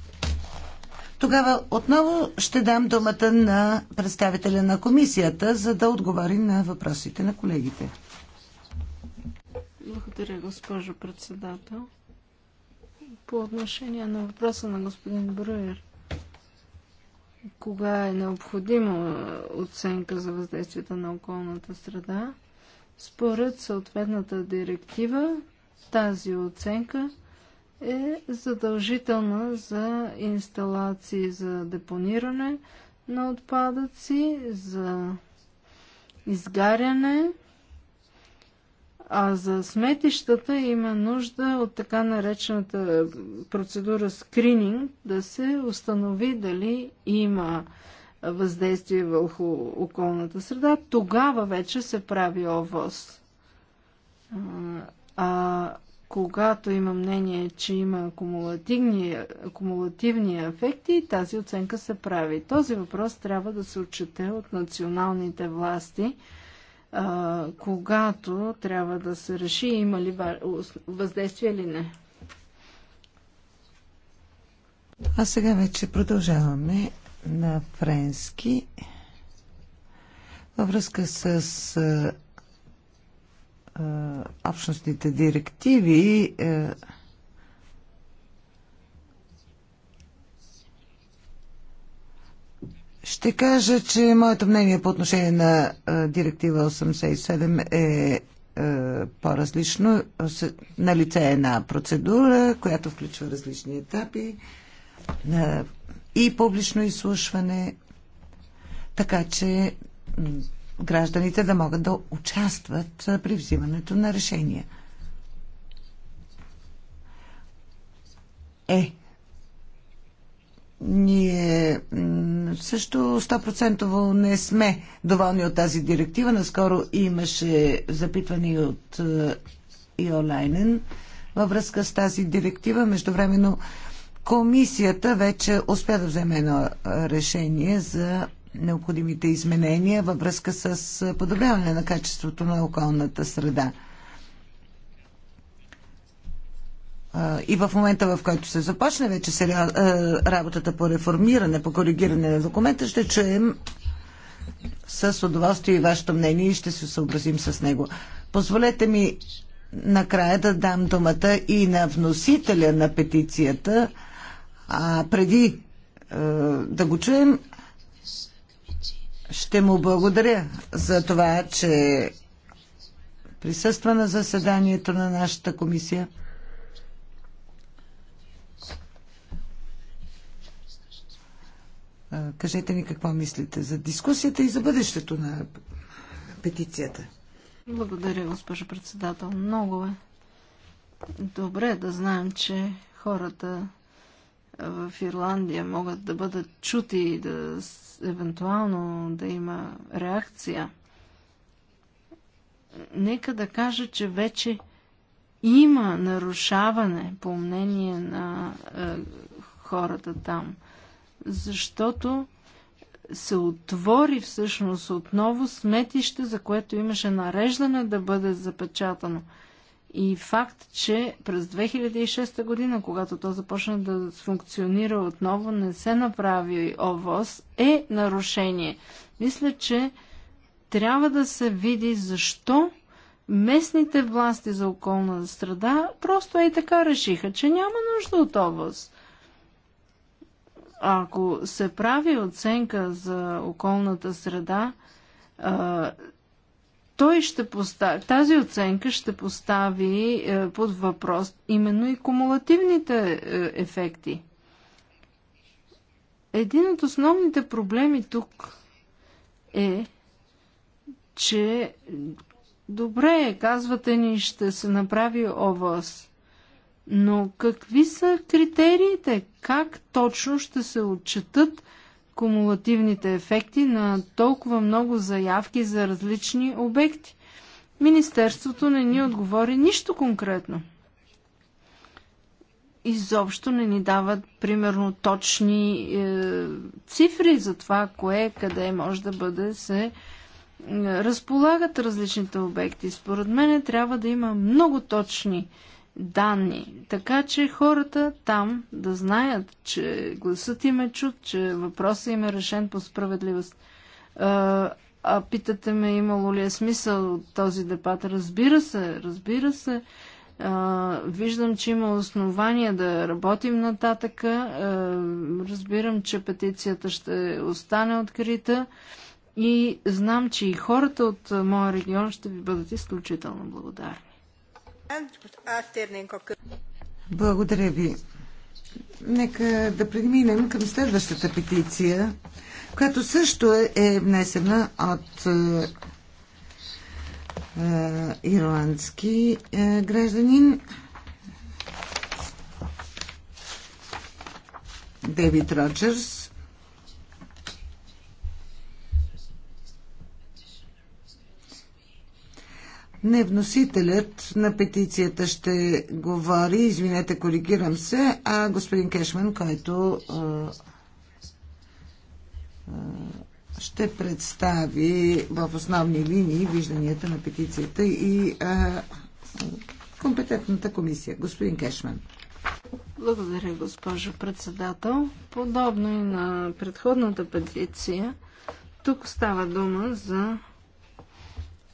тогава отново ще дам думата на представителя на комисията, за да отговори на въпросите на колегите. Благодаря, госпожо председател. По отношение на въпроса на господин Бруер, кога е необходима оценка за въздействието на околната среда. Според съответната директива тази оценка е задължителна за инсталации за депониране на отпадъци, за изгаряне а за сметищата има нужда от така наречената процедура скрининг да се установи дали има въздействие върху околната среда. Тогава вече се прави ОВОз. А когато има мнение, че има кумулативни, кумулативни ефекти, тази оценка се прави. Този въпрос трябва да се отчете от националните власти – а, когато трябва да се реши има ли въздействие или не. А сега вече продължаваме на френски във връзка с а, а, общностните директиви. А, е, Ще кажа, че моето мнение по отношение на директива 87 е по-различно. На лице е една процедура, която включва различни етапи и публично изслушване, така че гражданите да могат да участват при взимането на решения. Е, ние също 100% не сме доволни от тази директива. Наскоро имаше запитване от е, Иолайнен във връзка с тази директива. Междувременно комисията вече успя да вземе едно е, решение за необходимите изменения във връзка с е, подобряване на качеството на околната среда. и в момента, в който се започне вече сега работата по реформиране, по коригиране на документа, ще чуем с удоволствие и вашето мнение и ще се съобразим с него. Позволете ми накрая да дам думата и на вносителя на петицията, а преди е, да го чуем, ще му благодаря за това, че присъства на заседанието на нашата комисия. Кажете ни какво мислите за дискусията и за бъдещето на петицията. Благодаря, госпожо председател. Много е добре да знаем, че хората в Ирландия могат да бъдат чути и да евентуално да има реакция. Нека да кажа, че вече има нарушаване по мнение на е, хората там защото се отвори всъщност отново сметище, за което имаше нареждане да бъде запечатано. И факт, че през 2006 година, когато то започна да функционира отново, не се направи ОВОз, е нарушение. Мисля, че трябва да се види защо местните власти за околна среда просто и така решиха, че няма нужда от ОВОз. Ако се прави оценка за околната среда, той ще постави, тази оценка ще постави е, под въпрос именно и кумулативните е, ефекти. Един от основните проблеми тук е, че добре, е, казвате ни, ще се направи област. Но какви са критериите? Как точно ще се отчетат кумулативните ефекти на толкова много заявки за различни обекти? Министерството не ни отговори нищо конкретно. Изобщо не ни дават, примерно, точни е, цифри за това, кое, къде може да бъде се е, разполагат различните обекти. Според мен трябва да има много точни данни, така че хората там да знаят, че гласът им е чут, че въпросът им е решен по справедливост. А, питате ме, имало ли е смисъл от този депат. Разбира се, разбира се. А, виждам, че има основания да работим нататъка. А, разбирам, че петицията ще остане открита. И знам, че и хората от моя регион ще ви бъдат изключително благодарни. Благодаря ви. Нека да преминем към следващата петиция, която също е, е внесена от е, е, ирландски е, гражданин Дейвид Роджерс. Не вносителят на петицията ще говори, извинете, коригирам се, а господин Кешман, който ще представи в основни линии вижданията на петицията и а, компетентната комисия. Господин Кешман. Благодаря, госпожо председател. Подобно и на предходната петиция, тук става дума за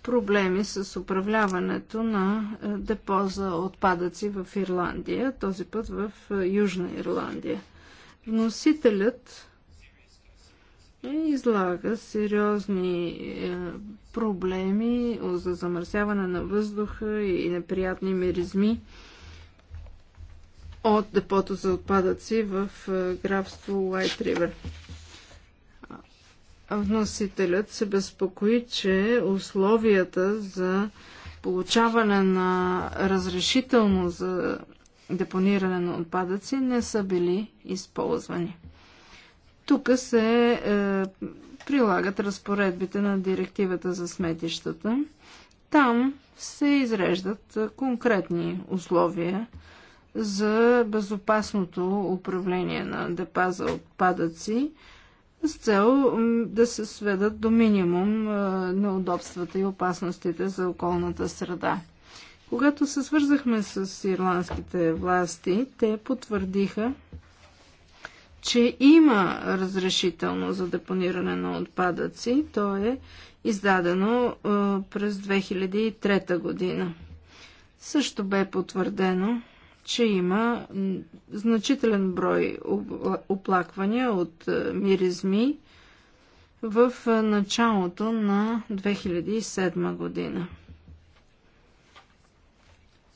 проблеми с управляването на е, депо за отпадъци в Ирландия, този път в е, Южна Ирландия. Вносителят излага сериозни е, проблеми за замърсяване на въздуха и неприятни миризми от депото за отпадъци в графство Уайт Ривер вносителят се безпокои, че условията за получаване на разрешително за депониране на отпадъци не са били използвани. Тук се е, прилагат разпоредбите на директивата за сметищата. Там се изреждат конкретни условия за безопасното управление на депа за отпадъци, с цел да се сведат до минимум неудобствата и опасностите за околната среда. Когато се свързахме с ирландските власти, те потвърдиха, че има разрешително за депониране на отпадъци. То е издадено през 2003 година. Също бе потвърдено, че има значителен брой оплаквания от е, миризми в е, началото на 2007 година.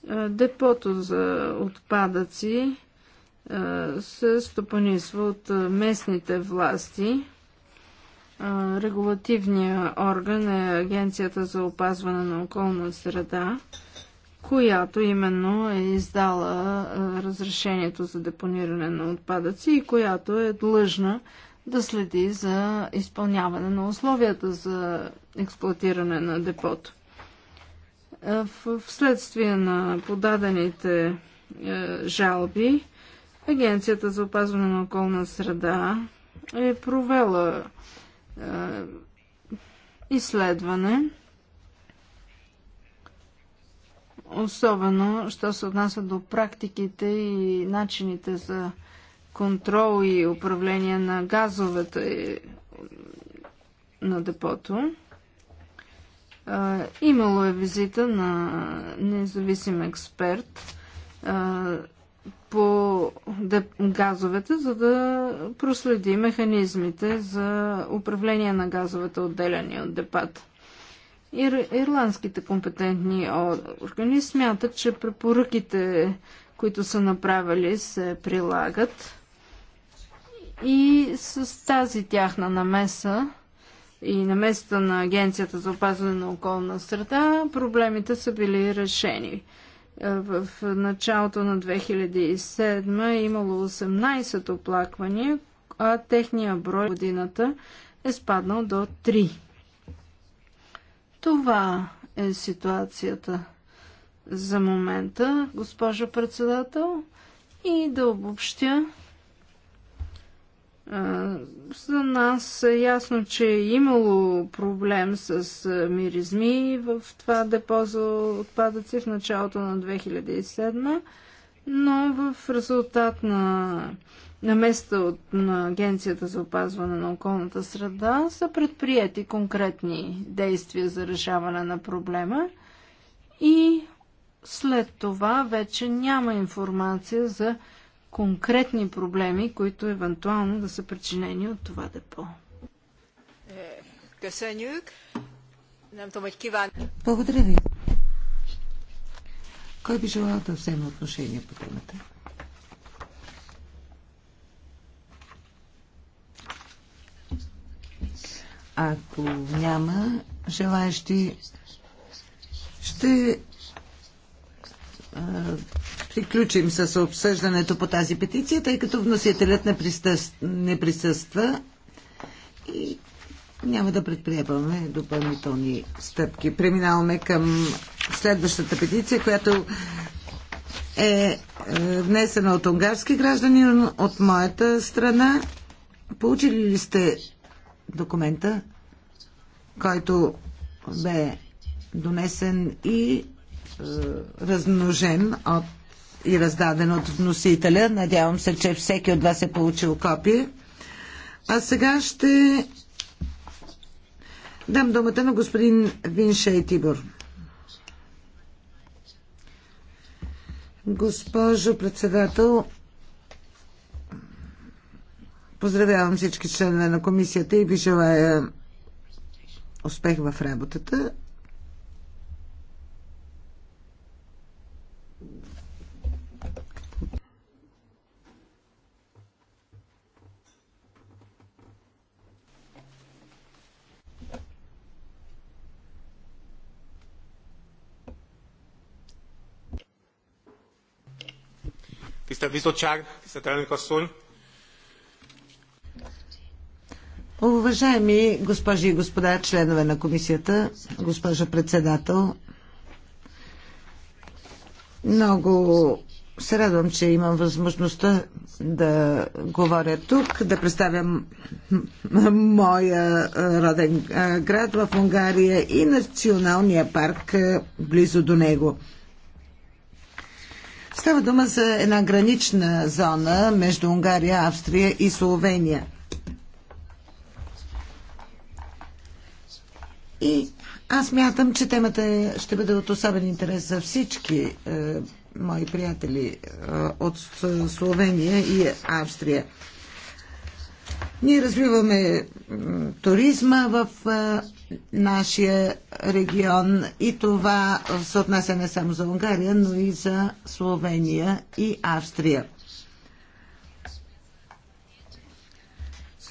Е, депото за отпадъци се стопанисва от местните власти. Регулативният орган е Агенцията за опазване на околна среда която именно е издала разрешението за депониране на отпадъци и която е длъжна да следи за изпълняване на условията за експлуатиране на депото. Вследствие на подадените е, жалби, Агенцията за опазване на околна среда е провела е, изследване особено, що се отнася до практиките и начините за контрол и управление на газовете на депото. Имало е визита на независим експерт по газовете, за да проследи механизмите за управление на газовете, отделяни от депата. Ир, ирландските компетентни органи смятат, че препоръките, които са направили, се прилагат и с тази тяхна намеса и намесата на Агенцията за опазване на околна среда, проблемите са били решени. Е, в началото на 2007 е имало 18 оплаквания, а техния брой годината е спаднал до 3. Това е ситуацията за момента, госпожо председател. И да обобщя, за нас е ясно, че е имало проблем с миризми в това депо за отпадъци в началото на 2007, но в резултат на на места на Агенцията за опазване на околната среда са предприяти конкретни действия за решаване на проблема и след това вече няма информация за конкретни проблеми, които евентуално да са причинени от това депо. Благодаря ви. Кой би желал да вземе отношение по темата? Ако няма желаящи, ще приключим с обсъждането по тази петиция, тъй като вносителят не, присъс... не присъства и няма да предприемаме допълнителни стъпки. Преминаваме към следващата петиция, която е, е внесена от унгарски граждани от моята страна. Получили ли сте документа, който бе донесен и е, размножен от, и раздаден от вносителя. Надявам се, че всеки от вас е получил копие. А сега ще дам думата на господин Виншей Тибор. Госпожо председател, Поздравявам всички членове на комисията и ви желая успех в работата. Tisztelt Bizottság, tisztelt Elnök asszony! Уважаеми госпожи и господа, членове на комисията, госпожа председател, много се радвам, че имам възможността да говоря тук, да представям моя роден град в Унгария и националния парк близо до него. Става дума за една гранична зона между Унгария, Австрия и Словения – И аз мятам, че темата ще бъде от особен интерес за всички е, мои приятели е, от Словения и Австрия. Ние развиваме туризма в е, нашия регион и това се отнася не само за Унгария, но и за Словения и Австрия.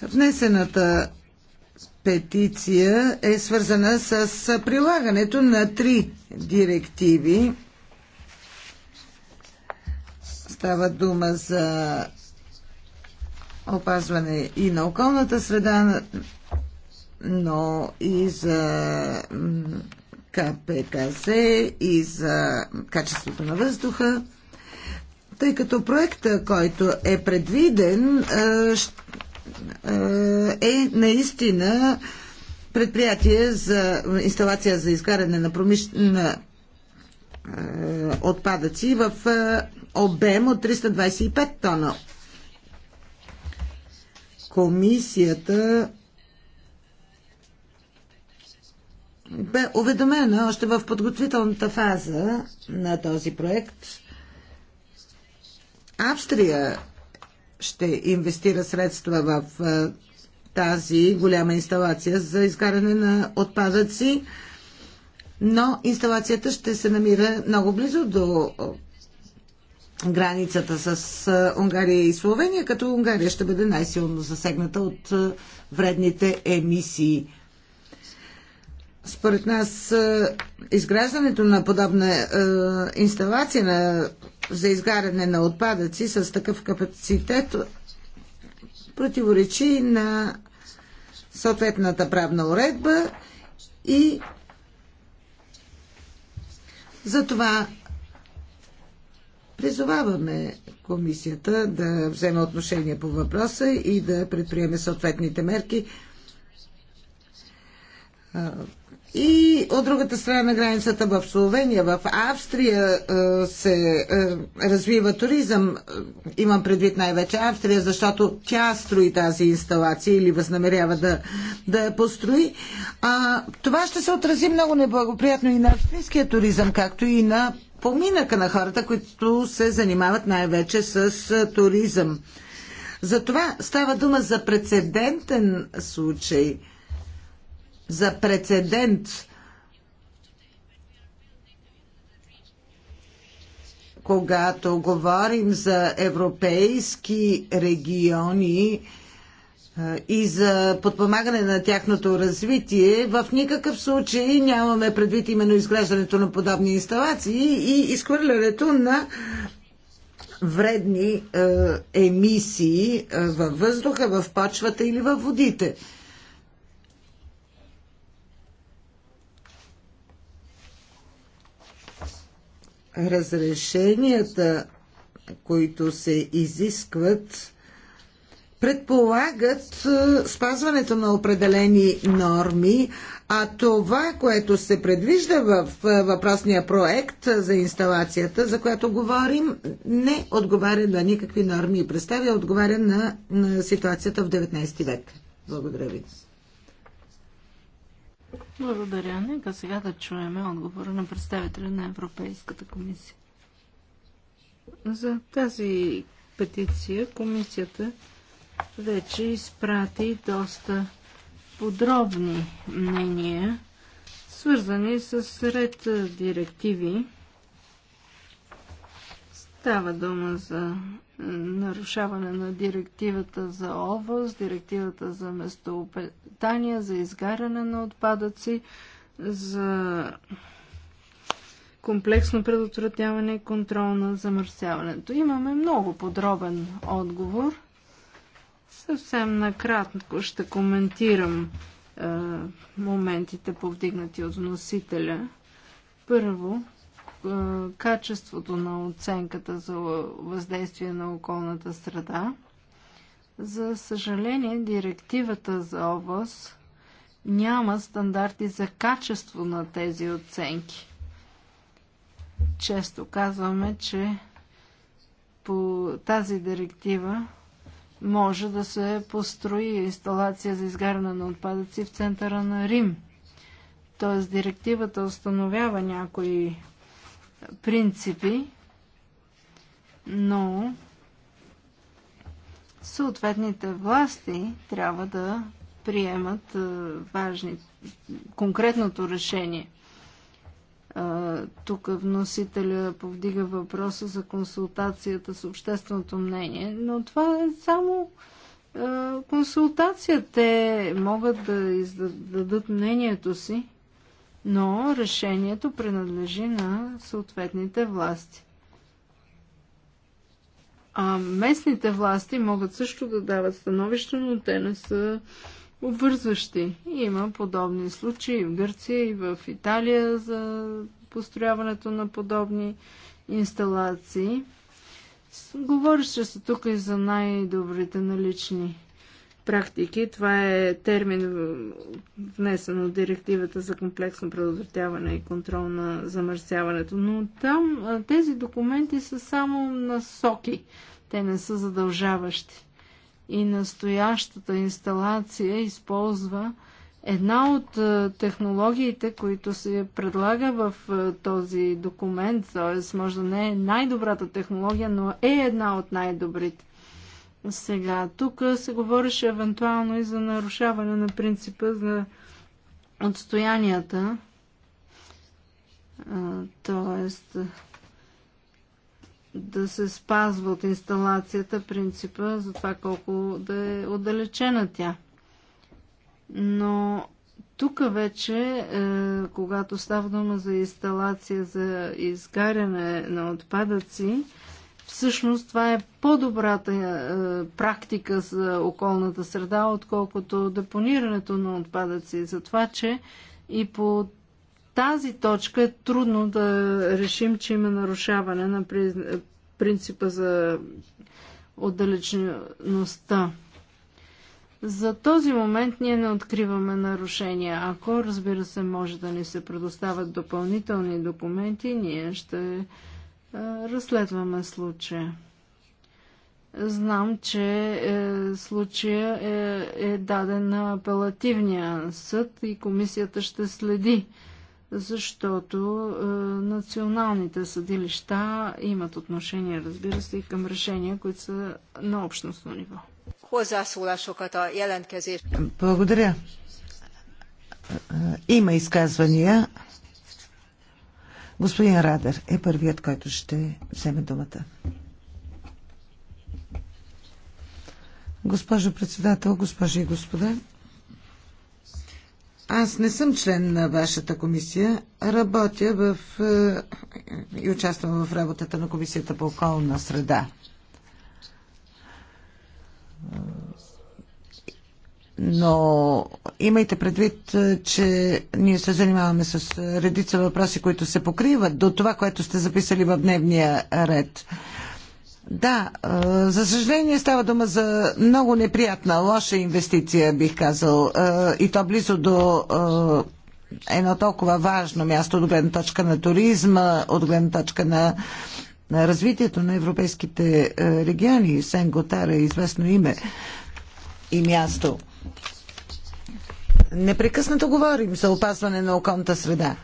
Внесената петиция е свързана с прилагането на три директиви. Става дума за опазване и на околната среда, но и за КПКЗ и за качеството на въздуха, тъй като проекта, който е предвиден, е, е, е наистина предприятие за инсталация за изгаряне на, промиш... на е, отпадъци в е, обем от 325 тона. Комисията бе уведомена още в подготвителната фаза на този проект. Австрия ще инвестира средства в тази голяма инсталация за изгаряне на отпадъци, но инсталацията ще се намира много близо до границата с Унгария и Словения, като Унгария ще бъде най-силно засегната от вредните емисии. Според нас изграждането на подобна инсталация на за изгаряне на отпадъци с такъв капацитет противоречи на съответната правна уредба и затова призоваваме комисията да вземе отношение по въпроса и да предприеме съответните мерки и от другата страна на границата в Словения, в Австрия е, се е, развива туризъм. Е, имам предвид най-вече Австрия, защото тя строи тази инсталация или възнамерява да, да я построи. А, това ще се отрази много неблагоприятно и на австрийския туризъм, както и на поминъка на хората, които се занимават най-вече с туризъм. Затова става дума за прецедентен случай – за прецедент, когато говорим за европейски региони е, и за подпомагане на тяхното развитие, в никакъв случай нямаме предвид именно изграждането на подобни инсталации и изхвърлянето на вредни е, емисии е, във въздуха, в почвата или във водите. разрешенията, които се изискват, предполагат е, спазването на определени норми, а това, което се предвижда в е, въпросния проект за инсталацията, за която говорим, не отговаря на никакви норми и представя, отговаря на, на ситуацията в 19 век. Благодаря ви. Благодаря. Нека сега да чуем отговора на представителя на Европейската комисия. За тази петиция комисията вече изпрати доста подробни мнения, свързани с ред директиви. Става дума за нарушаване на директивата за област, директивата за местоопитания, за изгаряне на отпадъци, за комплексно предотвратяване и контрол на замърсяването. Имаме много подробен отговор. Съвсем накратко ще коментирам е, моментите повдигнати от вносителя. Първо, качеството на оценката за въздействие на околната среда. За съжаление, директивата за ОВОС няма стандарти за качество на тези оценки. Често казваме, че по тази директива може да се построи инсталация за изгаряне на отпадъци в центъра на Рим. Тоест директивата установява някои принципи, но съответните власти трябва да приемат е, важни, конкретното решение. Е, тук вносителя повдига въпроса за консултацията с общественото мнение, но това е само е, консултация. Те могат да издадат мнението си но решението принадлежи на съответните власти. А местните власти могат също да дават становища, но те не са обвързващи. Има подобни случаи в Гърция и в Италия за построяването на подобни инсталации. Говореше се тук и за най-добрите налични практики. Това е термин внесен от директивата за комплексно предотвратяване и контрол на замърсяването. Но там тези документи са само насоки. Те не са задължаващи. И настоящата инсталация използва една от технологиите, които се предлага в този документ, т.е. може да не е най-добрата технология, но е една от най-добрите сега, тук се говореше евентуално и за нарушаване на принципа за отстоянията. Тоест, да се спазва от инсталацията принципа за това колко да е отдалечена тя. Но тук вече, е, когато става дума за инсталация за изгаряне на отпадъци, Всъщност това е по-добрата е, практика за околната среда, отколкото депонирането на отпадъци. за това, че и по тази точка е трудно да решим, че има нарушаване на принципа за отдалечеността. За този момент ние не откриваме нарушения. Ако, разбира се, може да ни се предоставят допълнителни документи, ние ще разследваме случая. Знам, че е, случая е, е даден на апелативния съд и комисията ще следи, защото е, националните съдилища имат отношение, разбира се, и към решения, които са на общностно ниво. Благодаря. Е, има изказвания. Господин Радър е първият, който ще вземе думата. Госпожо председател, госпожи и господа, аз не съм член на вашата комисия. Работя в, е, и участвам в работата на комисията по околна среда. Но имайте предвид, е, че ние се занимаваме с редица въпроси, които се покриват до това, което сте записали в дневния ред. Да, е, за съжаление става дума за много неприятна, лоша инвестиция, бих казал, е, и то близо до едно толкова важно място от гледна точка на туризма, от гледна точка на, на развитието на европейските региони. Сен Готара е известно име и място. Непрекъснато говорим за опазване на околната среда.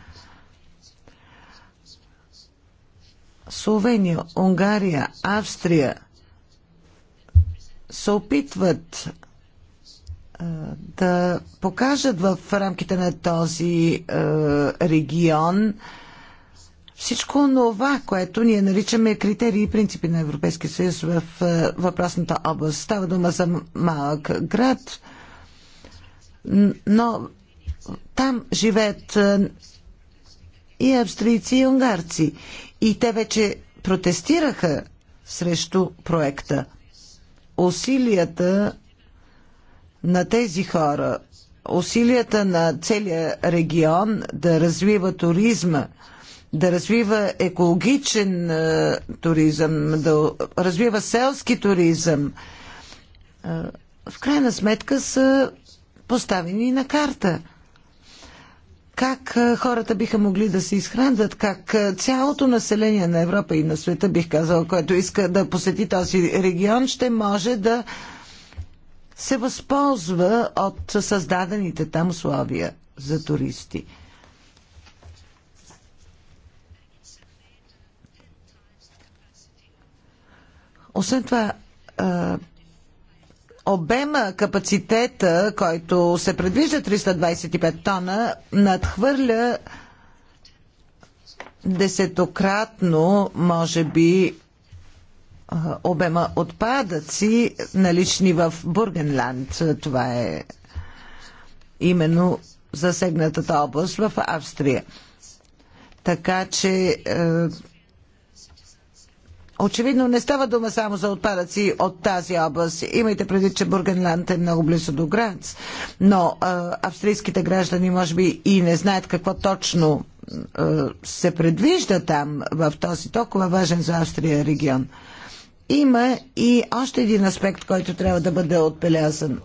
Словения, Унгария, Австрия се опитват да покажат в рамките на този регион всичко това, което ние наричаме критерии и принципи на Европейския съюз в въпросната област. Става дума за малък град, но там живеят е, и австрийци, и унгарци. И те вече протестираха срещу проекта. Усилията на тези хора, усилията на целия регион да развива туризма, да развива екологичен е, туризъм, да развива селски туризъм, е, в крайна сметка са поставени на карта. Как хората биха могли да се изхранят, как цялото население на Европа и на света, бих казал, което иска да посети този регион, ще може да се възползва от създадените там условия за туристи. Освен това, обема, капацитета, който се предвижда 325 тона, надхвърля десетократно, може би, обема отпадъци, налични в Бургенланд. Това е именно засегнатата област в Австрия. Така че е, Очевидно не става дума само за отпадъци от тази област. Имайте преди, че Бургенланд е много близо до Гранц, но а, австрийските граждани може би и не знаят какво точно а, се предвижда там в този толкова важен за Австрия регион. Има и още един аспект, който трябва да бъде отбелязан.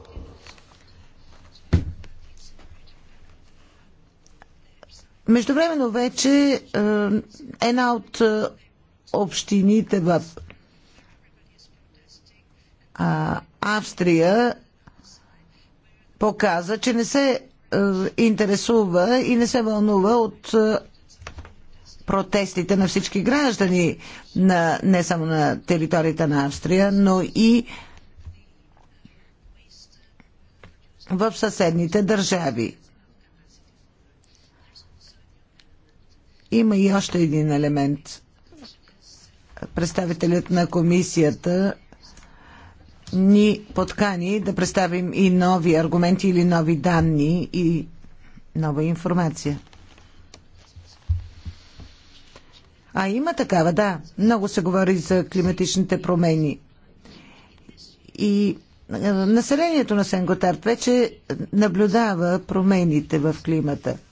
Междувременно вече една от общините в Австрия показа, че не се е, интересува и не се вълнува от е, протестите на всички граждани, на, не само на територията на Австрия, но и в съседните държави. Има и още един елемент представителят на комисията ни подкани да представим и нови аргументи или нови данни и нова информация. А има такава, да. Много се говори за климатичните промени. И е, населението на Сен-Готард вече наблюдава промените в климата –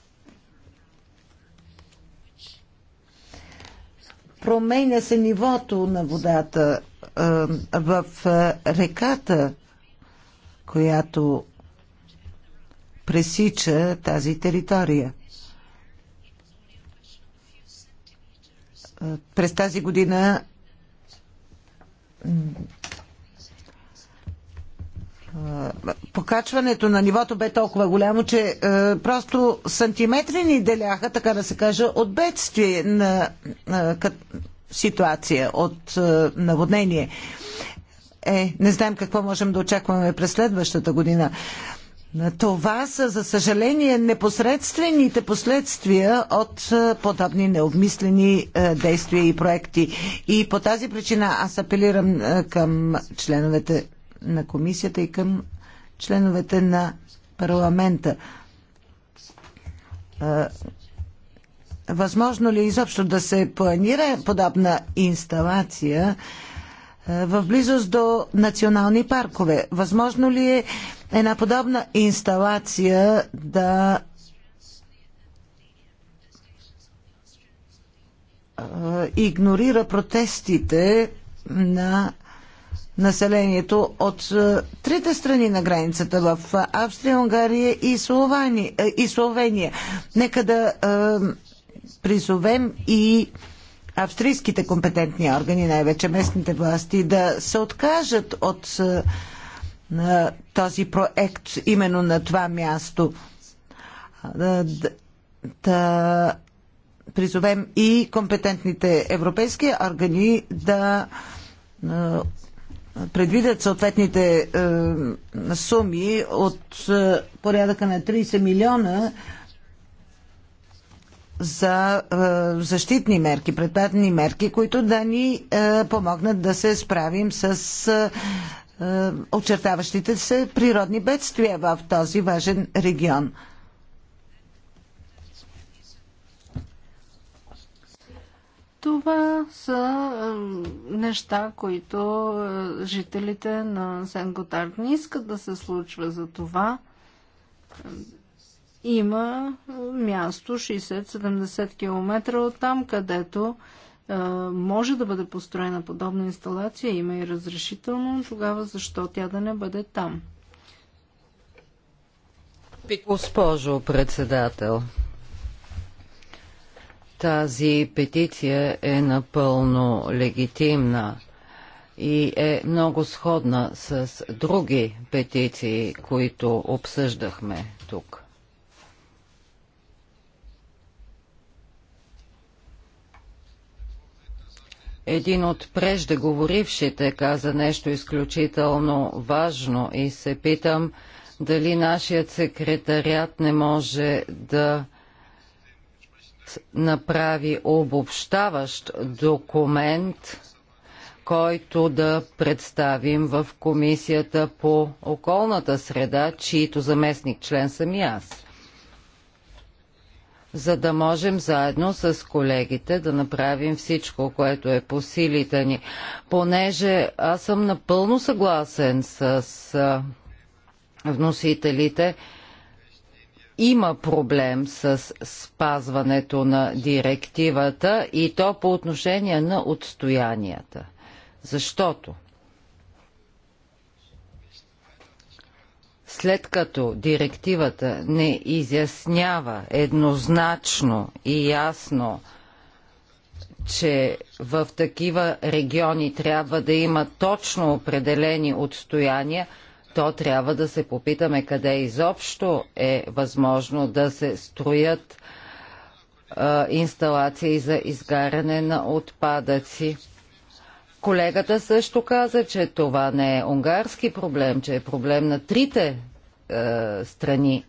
променя се нивото на водата в реката, която пресича тази територия. През тази година е, покачването на нивото бе толкова голямо, че е, просто сантиметри ни деляха, така да се каже, от бедствие на, кът, ситуация, от е, наводнение. Е, не знаем какво можем да очакваме през следващата година. Това са, за съжаление, непосредствените последствия от подобни необмислени действия и проекти. И по тази причина аз апелирам към членовете на комисията и към членовете на парламента. Възможно ли е изобщо да се планира подобна инсталация в близост до национални паркове? Възможно ли е една подобна инсталация да игнорира протестите на населението от е, трите страни на границата в е, Австрия, Унгария и, Словани, е, и Словения. Нека да призовем и австрийските компетентни органи, най-вече местните власти, да се откажат от на този проект именно на това място. Да, да призовем и компетентните европейски органи да предвидят съответните е, суми от е, порядъка на 30 милиона за е, защитни мерки, предпазни мерки, които да ни е, помогнат да се справим с е, е очертаващите се природни бедствия в този важен регион. Това са неща, които е, жителите на Сен-Готард не искат да се случва. За това има е, място 60-70 км от там, където е, може да бъде построена подобна инсталация, има и разрешително, тогава защо тя да не бъде там? Госпожо председател, тази петиция е напълно легитимна и е много сходна с други петиции, които обсъждахме тук. Един от преждеговорившите каза нещо изключително важно и се питам дали нашият секретарят не може да направи обобщаващ документ, който да представим в Комисията по околната среда, чието заместник член съм и аз. За да можем заедно с колегите да направим всичко, което е по силите ни. Понеже аз съм напълно съгласен с вносителите, има проблем с спазването на директивата и то по отношение на отстоянията. Защото след като директивата не изяснява еднозначно и ясно, че в такива региони трябва да има точно определени отстояния, то трябва да се попитаме къде изобщо е възможно да се строят а, инсталации за изгаряне на отпадъци. Колегата също каза, че това не е унгарски проблем, че е проблем на трите а, страни,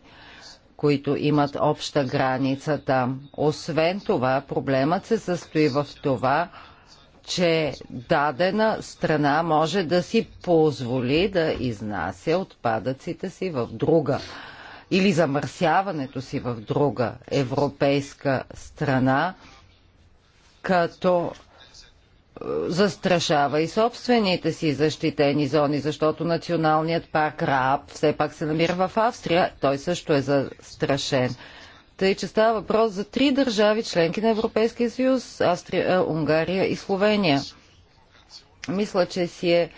които имат обща граница там. Освен това, проблемът се състои в това, че дадена страна може да си позволи да изнася отпадъците си в друга или замърсяването си в друга европейска страна, като е, застрашава и собствените си защитени зони, защото националният парк Рааб все пак се намира в Австрия, той също е застрашен. Тъй, че става въпрос за три държави, членки на Европейския съюз, Австрия, Унгария и Словения. Мисля, че си е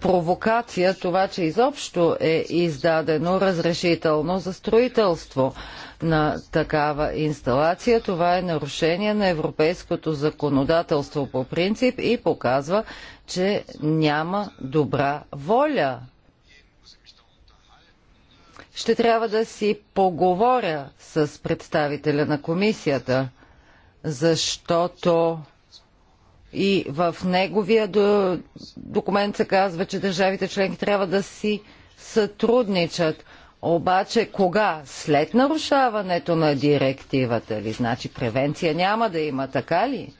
провокация това, че изобщо е издадено разрешително за строителство на такава инсталация. Това е нарушение на европейското законодателство по принцип и показва, че няма добра воля ще трябва да си поговоря с представителя на комисията, защото и в неговия документ се казва, че държавите членки трябва да си сътрудничат. Обаче кога? След нарушаването на директивата ли? Значи превенция няма да има, така ли?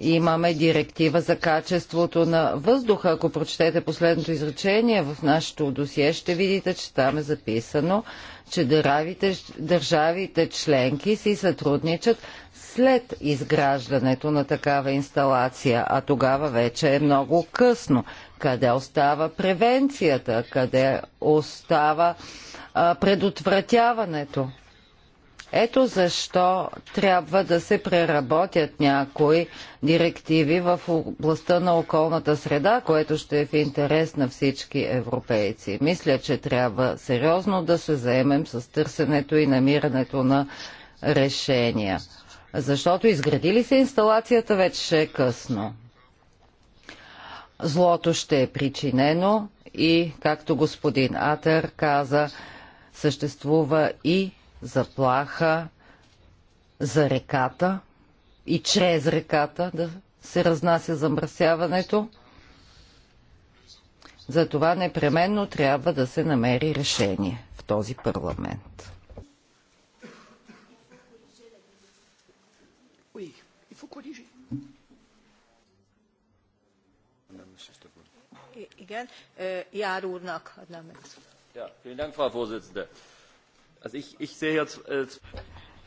Имаме директива за качеството на въздуха. Ако прочетете последното изречение в нашето досие, ще видите, че там е записано, че държавите, държавите членки си сътрудничат след изграждането на такава инсталация, а тогава вече е много късно. Къде остава превенцията? Къде остава а, предотвратяването? Ето защо трябва да се преработят някои директиви в областта на околната среда, което ще е в интерес на всички европейци. Мисля, че трябва сериозно да се заемем с търсенето и намирането на решения. Защото изградили се инсталацията, вече ще е късно. Злото ще е причинено и, както господин Атер каза, съществува и заплаха за реката и чрез реката да се разнася замърсяването. За това непременно трябва да се намери решение в този парламент. Ja, vielen Dank, Frau Vorsitzende. Äh,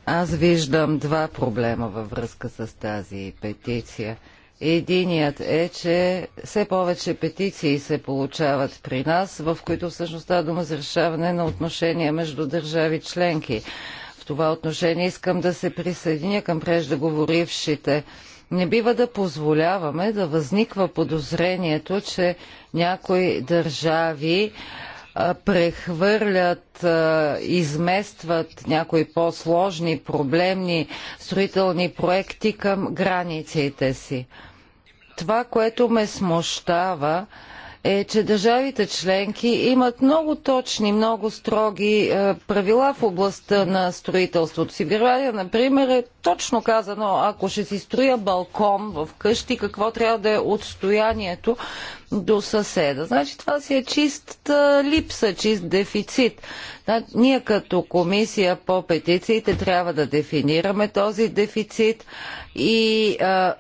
Аз виждам два проблема във връзка с тази петиция. Единият е, че все повече петиции се получават при нас, в които всъщност става дума за решаване на отношения между държави членки. В това отношение искам да се присъединя към преждеговорившите. Не бива да позволяваме да възниква подозрението, че някои държави прехвърлят, изместват някои по-сложни, проблемни строителни проекти към границите си. Това, което ме смущава, е, че държавите членки имат много точни, много строги е, правила в областта на строителството си. В Германия, например, е точно казано, ако ще си строя балкон в къщи, какво трябва да е отстоянието до съседа. Значи това си е чист е, липса, чист дефицит. Ние като комисия по петициите трябва да дефинираме този дефицит и е,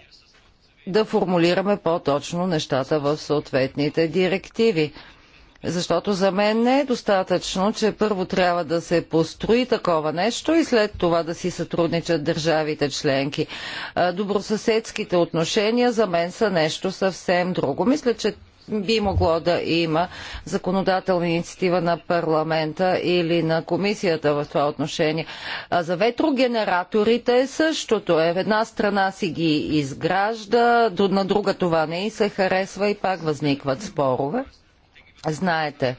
да формулираме по-точно нещата в съответните директиви. Защото за мен не е достатъчно, че първо трябва да се построи такова нещо и след това да си сътрудничат държавите членки. Добросъседските отношения за мен са нещо съвсем друго. Мисля, че би могло да има законодателна инициатива на парламента или на комисията в това отношение. А за ветрогенераторите е същото е. В една страна си ги изгражда, на друга това не и се харесва и пак възникват спорове. Знаете,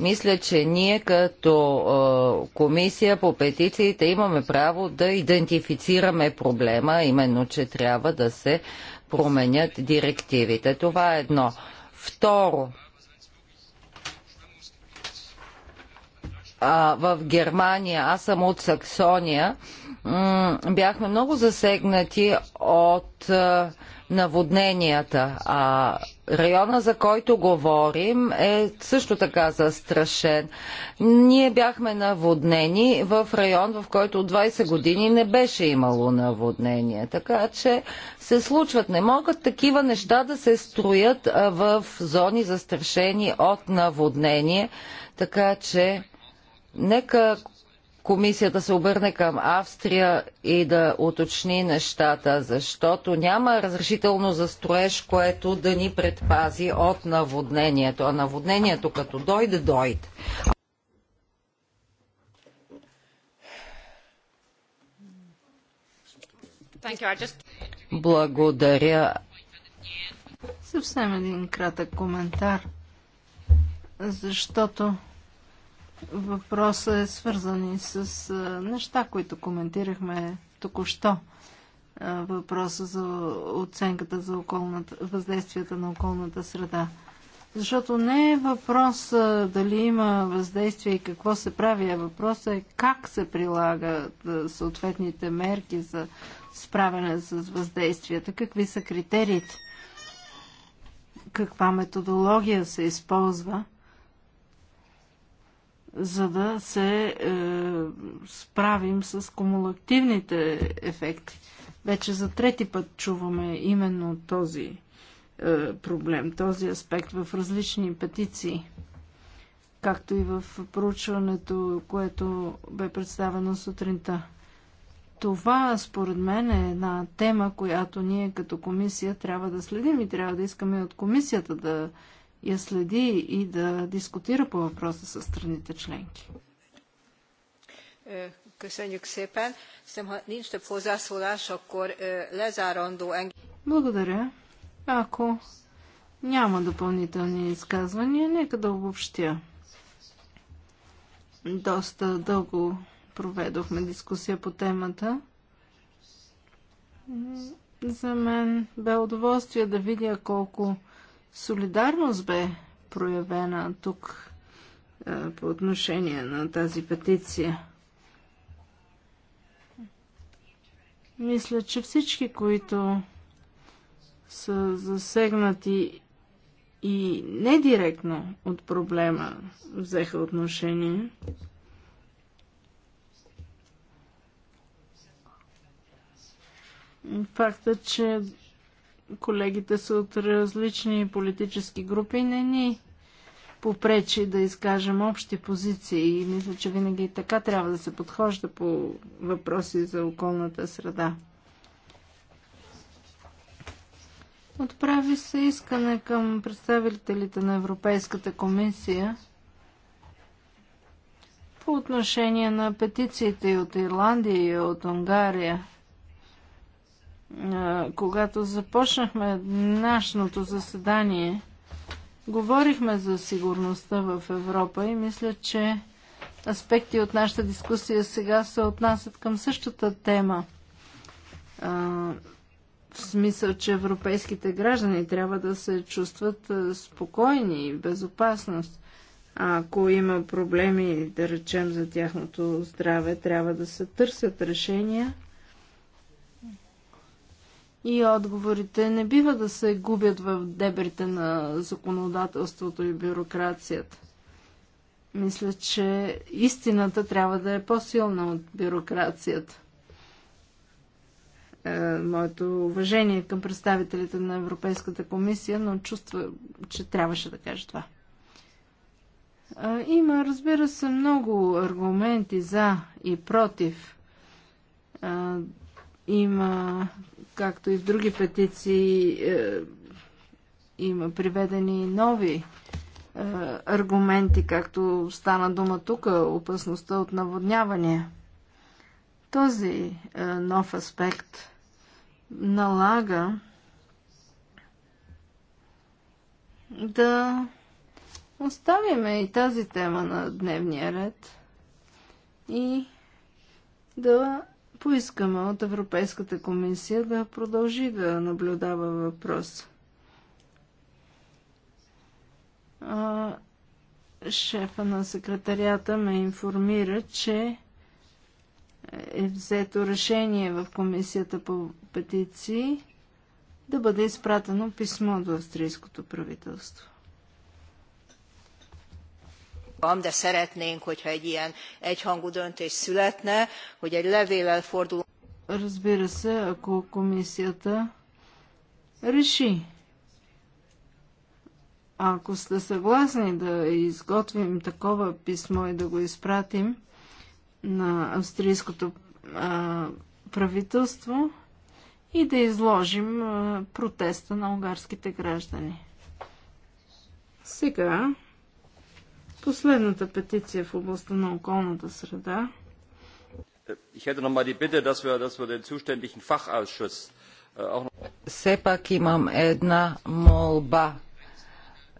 мисля, че ние като комисия по петициите имаме право да идентифицираме проблема, именно, че трябва да се променят директивите. Това е едно. Второ, а, в Германия, аз съм от Саксония, бяхме много засегнати от а, наводненията. А района, за който говорим, е също така застрашен. Ние бяхме наводнени в район, в който от 20 години не беше имало наводнение. Така че се случват. Не могат такива неща да се строят в зони застрашени от наводнение. Така че нека комисията се обърне към Австрия и да уточни нещата, защото няма разрешително за строеж, което да ни предпази от наводнението. А наводнението като дойде, дойде. Благодаря. Съвсем един кратък коментар, защото Въпросът е свързан и с неща, които коментирахме току-що. Въпроса за оценката за околната, въздействията на околната среда. Защото не е въпрос дали има въздействие и какво се прави, а въпросът е как се прилагат съответните мерки за справяне с въздействията, какви са критериите, каква методология се използва – за да се е, справим с кумулативните ефекти. Вече за трети път чуваме именно този е, проблем, този аспект в различни петиции, както и в проучването, което бе представено сутринта. Това, според мен, е една тема, която ние като комисия трябва да следим и трябва да искаме от комисията да я следи и да дискутира по въпроса с страните членки. Е, е, Благодаря. Ако няма допълнителни изказвания, нека да обобщя. Доста дълго проведохме дискусия по темата. За мен бе удоволствие да видя колко солидарност бе проявена тук е, по отношение на тази петиция. Мисля, че всички, които са засегнати и недиректно от проблема, взеха отношение. Факта, че колегите са от различни политически групи, не ни попречи да изкажем общи позиции и мисля, че винаги така трябва да се подхожда по въпроси за околната среда. Отправи се искане към представителите на Европейската комисия по отношение на петициите от Ирландия и от Унгария – когато започнахме днешното заседание, говорихме за сигурността в Европа и мисля, че аспекти от нашата дискусия сега се отнасят към същата тема. в смисъл, че европейските граждани трябва да се чувстват спокойни и безопасност. А ако има проблеми, да речем, за тяхното здраве, трябва да се търсят решения – и отговорите не бива да се губят в дебрите на законодателството и бюрокрацията. Мисля, че истината трябва да е по-силна от бюрокрацията. Е, моето уважение към представителите на Европейската комисия, но чувства, че трябваше да кажа това. Е, има, разбира се, много аргументи за и против. Е, има както и в други петиции, е, има приведени нови е, аргументи, както стана дума тук, опасността от наводнявания. Този е, нов аспект налага да оставиме и тази тема на дневния ред и да поискаме от Европейската комисия да продължи да наблюдава въпрос. Шефа на секретарията ме информира, че е взето решение в комисията по петиции да бъде изпратено писмо до австрийското правителство van, de szeretnénk, hogyha egy ilyen egyhangú döntés születne, hogy egy levéllel forduló. Разбира се, ако комисията реши, ако сте съгласни да изготвим такова писмо и да го изпратим на австрийското а, правителство и да изложим а, протеста на унгарските граждани. Сега Последната петиция в областта на околната среда. Äh, Все пак имам една молба.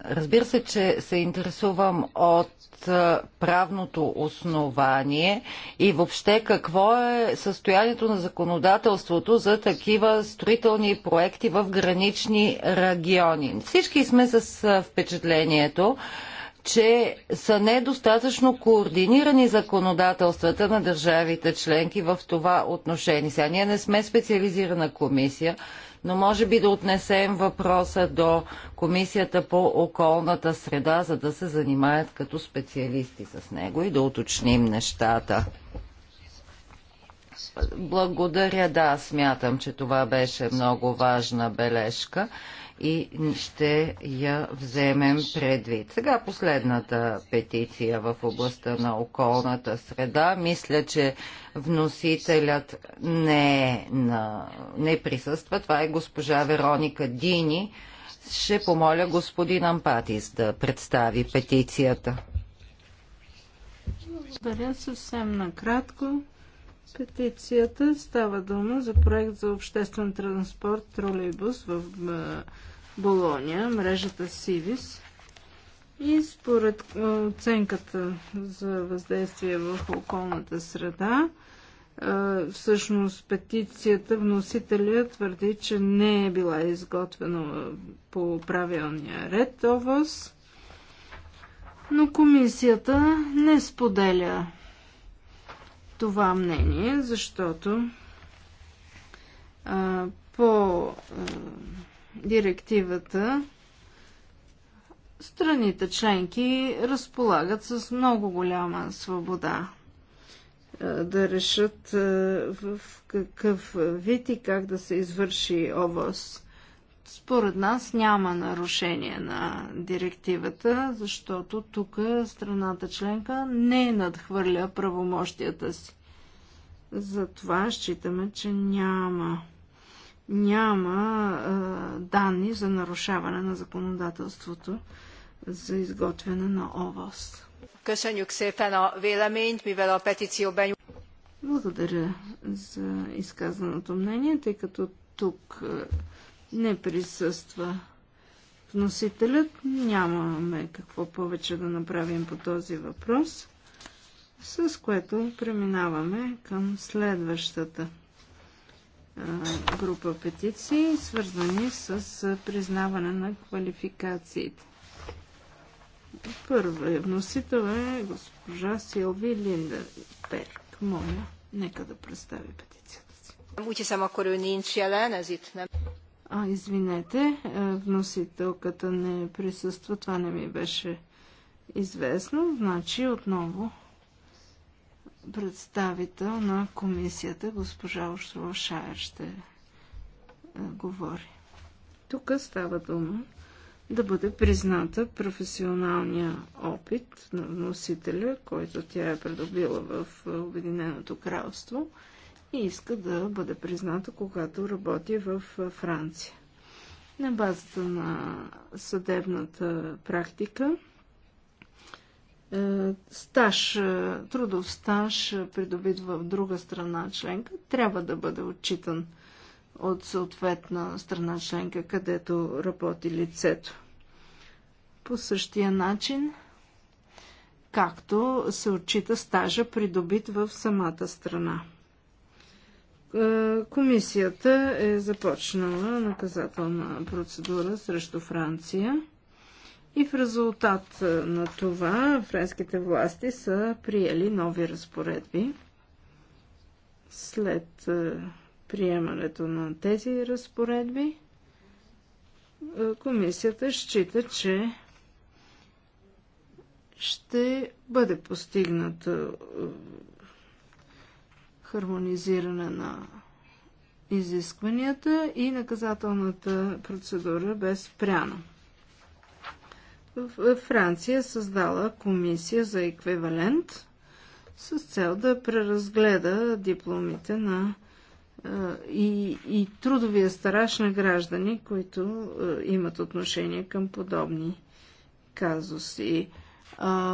Разбира се, че се интересувам от е, правното основание и въобще какво е състоянието на законодателството за такива строителни проекти в гранични региони. Всички сме с е, впечатлението, че са недостатъчно координирани законодателствата на държавите членки в това отношение. Сега ние не сме специализирана комисия, но може би да отнесем въпроса до Комисията по околната среда, за да се занимаят като специалисти с него и да уточним нещата. Благодаря, да, смятам, че това беше много важна бележка и ще я вземем предвид. Сега последната петиция в областта на околната среда. Мисля, че вносителят не, е на... не присъства. Това е госпожа Вероника Дини. Ще помоля господин Ампатис да представи петицията. Благодаря съвсем накратко. Петицията става дума за проект за обществен транспорт тролейбус в Болония, мрежата СИВИС и според оценката за въздействие в околната среда, всъщност петицията вносителя твърди, че не е била изготвена по правилния ред ОВОС, но комисията не споделя това мнение, защото а, по а, директивата страните членки разполагат с много голяма свобода е, да решат е, в какъв вид и как да се извърши ОВОС. Според нас няма нарушение на директивата, защото тук страната членка не надхвърля правомощията си. Затова считаме, че няма няма а, е, данни за нарушаване на законодателството за изготвяне на ОВОС. Благодаря за изказаното мнение, тъй като тук е, не присъства вносителят. Нямаме какво повече да направим по този въпрос, с което преминаваме към следващата група петиции, свързани с признаване на квалификациите. Първа е, вносител е госпожа Силви Перк. Моля, нека да представи петицията си. Úgyhiszem, akkor А, извинете, вносителката не присъства, това не ми беше известно. Значи отново представител на комисията, госпожа Урсула Шаер, ще е, говори. Тук става дума да бъде призната професионалния опит на носителя, който тя е придобила в е, Обединеното кралство и иска да бъде призната, когато работи в е, Франция. На базата на съдебната практика е, стаж, е, трудов стаж, е, придобит в друга страна членка, трябва да бъде отчитан от съответна страна членка, където работи лицето. По същия начин, както се отчита стажа, придобит в самата страна. Комисията е започнала наказателна процедура срещу Франция. И в резултат е, на това френските власти са приели нови разпоредби. След е, приемането на тези разпоредби, е, комисията счита, че ще бъде постигната хармонизиране на изискванията и наказателната процедура без пряна. Е, Франция е създала комисия за еквивалент с цел да преразгледа дипломите на е, и, и трудовия стараж на граждани, които имат отношение към подобни казуси.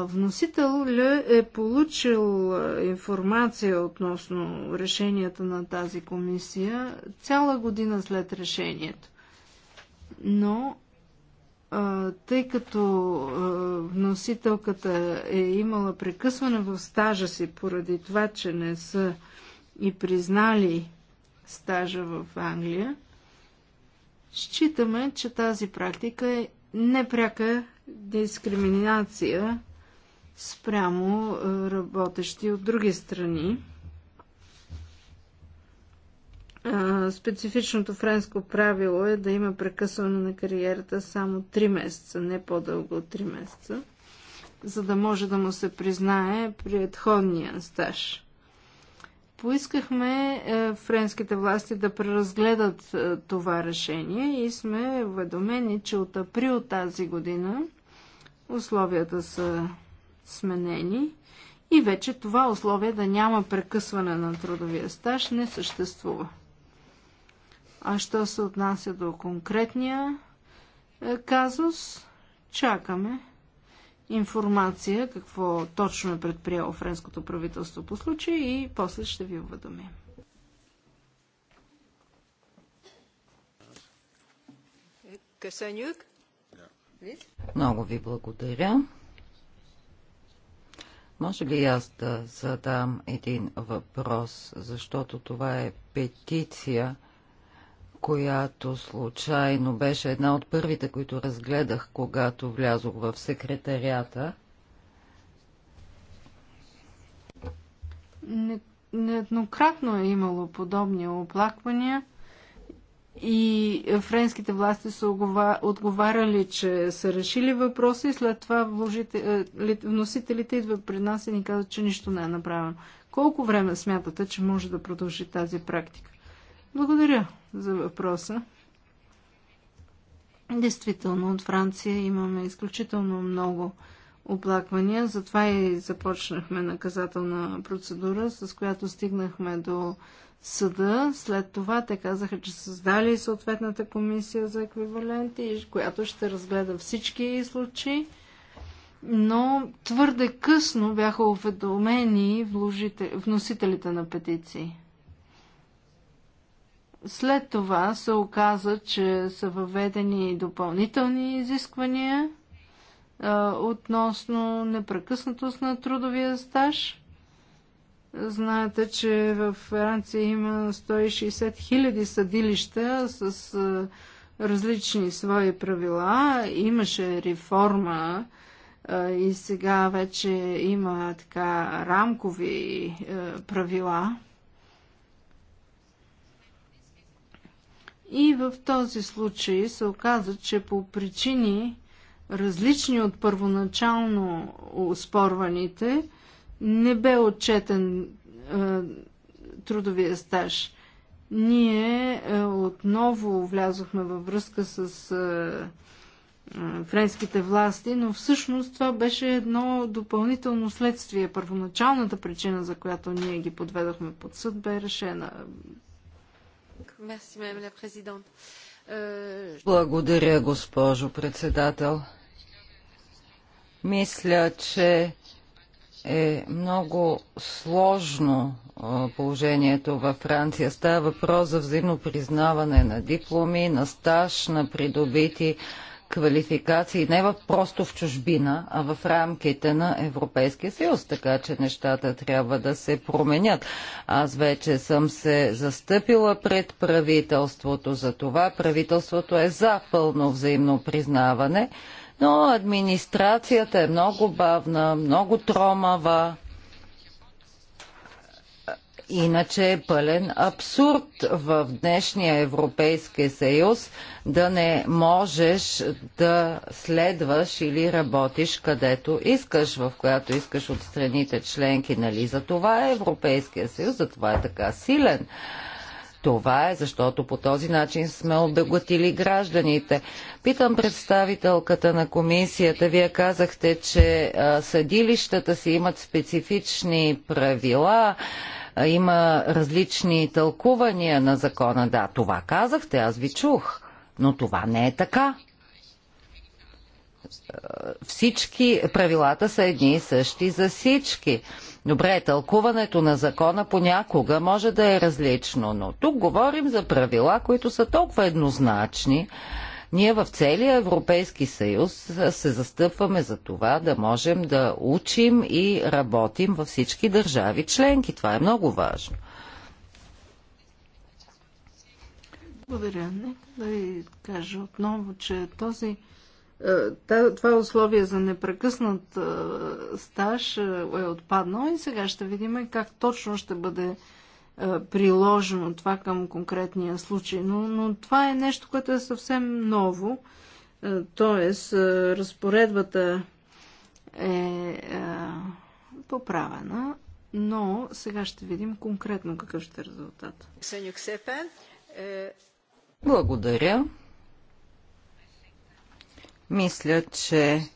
Вносител е получил информация относно решенията на тази комисия цяла година след решението. Но тъй като носителката е имала прекъсване в стажа си поради това, че не са и признали стажа в Англия, считаме, че тази практика е непряка дискриминация спрямо работещи от други страни специфичното френско правило е да има прекъсване на кариерата само 3 месеца, не по-дълго от 3 месеца, за да може да му се признае предходния стаж. Поискахме е, френските власти да преразгледат е, това решение и сме уведомени, че от април тази година условията са сменени и вече това условие да няма прекъсване на трудовия стаж не съществува. А що се отнася до конкретния е, казус, чакаме информация какво точно е предприело френското правителство по случай и после ще ви уведомим. Много ви благодаря. Може ли аз да задам един въпрос, защото това е петиция, която случайно беше една от първите, които разгледах, когато влязох в секретарията. Не, нееднократно е имало подобни оплаквания и френските власти са отговаряли, че са решили въпроса и след това е, вносителите идват при нас и ни казват, че нищо не е направено. Колко време смятате, че може да продължи тази практика? Благодаря за въпроса. Действително, от Франция имаме изключително много оплаквания, затова и започнахме наказателна процедура, с която стигнахме до съда. След това те казаха, че създали съответната комисия за еквиваленти, която ще разгледа всички случаи, но твърде късно бяха уведомени вносителите на петиции. След това се оказа, че са въведени допълнителни изисквания а, относно непрекъснатост на трудовия стаж. Знаете, че в Франция има 160 000 съдилища с а, различни свои правила. Имаше реформа а, и сега вече има така рамкови правила. И в този случай се оказа, че по причини различни от първоначално спорваните, не бе отчетен е, трудовия стаж. Ние е, отново влязохме във връзка с е, е, френските власти, но всъщност това беше едно допълнително следствие. Първоначалната причина, за която ние ги подведохме под съд, бе решена Euh, Благодаря, госпожо председател. Мисля, че е много сложно положението във Франция. Става въпрос за взаимно признаване на дипломи, на стаж, на придобити квалификации не в, просто в чужбина, а в рамките на Европейския съюз, така че нещата трябва да се променят. Аз вече съм се застъпила пред правителството за това. Правителството е за пълно взаимно признаване, но администрацията е много бавна, много тромава Иначе е пълен абсурд в днешния Европейски съюз да не можеш да следваш или работиш където искаш, в която искаш от страните членки. Нали? За това е Европейския съюз, за това е така силен. Това е защото по този начин сме обеготили гражданите. Питам представителката на комисията. Вие казахте, че съдилищата си имат специфични правила. Има различни тълкувания на закона. Да, това казахте, аз ви чух, но това не е така. Всички правилата са едни и същи за всички. Добре, тълкуването на закона понякога може да е различно, но тук говорим за правила, които са толкова еднозначни, ние в целия Европейски съюз се застъпваме за това да можем да учим и работим във всички държави членки. Това е много важно. Благодаря. Нека да ви кажа отново, че този, е, това условие за непрекъснат е, стаж е, е отпаднало и сега ще видим как точно ще бъде е, приложено това към конкретния случай. Но, но това е нещо, което е съвсем ново. Е, тоест, е, разпоредбата е поправена, но сега ще видим конкретно какъв ще е резултат. Благодаря. Мисля, че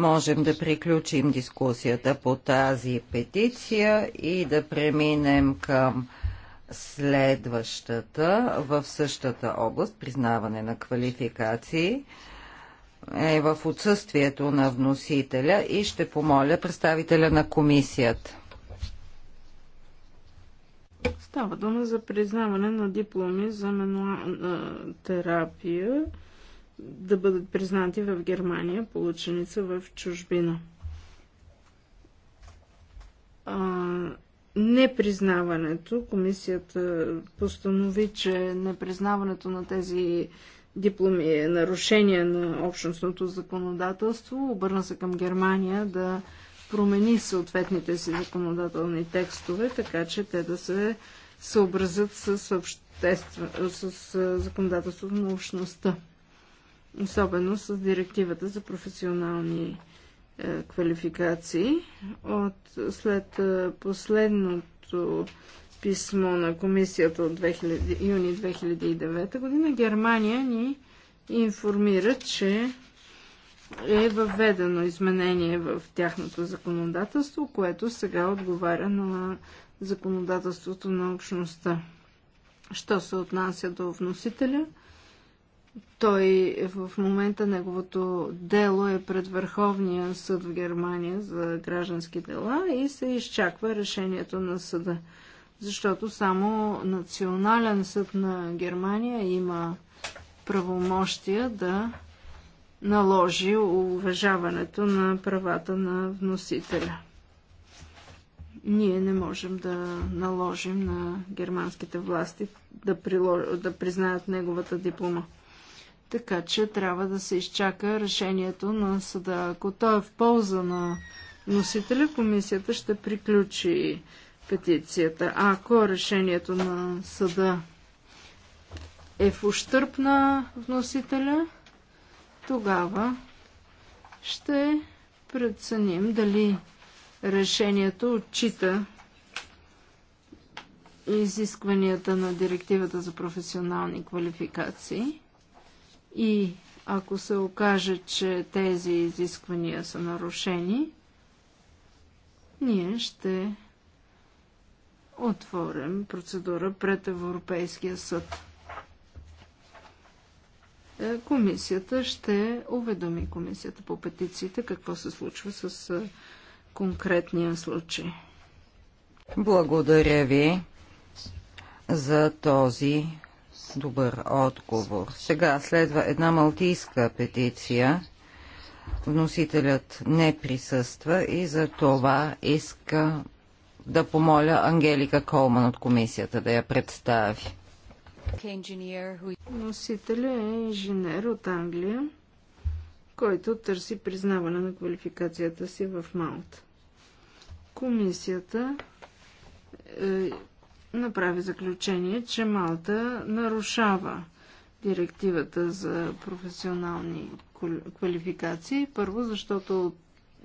можем да приключим дискусията по тази петиция и да преминем към следващата в същата област признаване на квалификации е в отсъствието на вносителя и ще помоля представителя на комисията. Става дума за признаване на дипломи за менуална терапия да бъдат признати в Германия, получени са в чужбина. А, непризнаването, комисията постанови, че непризнаването на тези дипломи е нарушение на общностното законодателство. Обърна се към Германия да промени съответните си законодателни текстове, така че те да се съобразят с, обществ... с законодателството на общността особено с директивата за професионални е, квалификации. От, след е, последното писмо на комисията от 2000, юни 2009 година, Германия ни информира, че е въведено изменение в тяхното законодателство, което сега отговаря на законодателството на общността. Що се отнася до вносителя – той в момента неговото дело е пред Върховния съд в Германия за граждански дела и се изчаква решението на съда. Защото само Национален съд на Германия има правомощия да наложи уважаването на правата на вносителя. Ние не можем да наложим на германските власти да, прилож... да признаят неговата диплома. Така че трябва да се изчака решението на съда. Ако то е в полза на носителя, комисията ще приключи петицията. А ако решението на съда е в ущърп на вносителя, тогава ще преценим дали решението отчита изискванията на директивата за професионални квалификации и ако се окаже, че тези изисквания са нарушени, ние ще отворим процедура пред Европейския съд. Е, комисията ще уведоми Комисията по петициите какво се случва с е, конкретния случай. Благодаря ви за този добър отговор. Сега следва една малтийска петиция. Вносителят не присъства и за това иска да помоля Ангелика Колман от комисията да я представи. Носителя е инженер от Англия, който търси признаване на квалификацията си в Малта. Комисията е, направи заключение, че Малта нарушава директивата за професионални квалификации. Първо, защото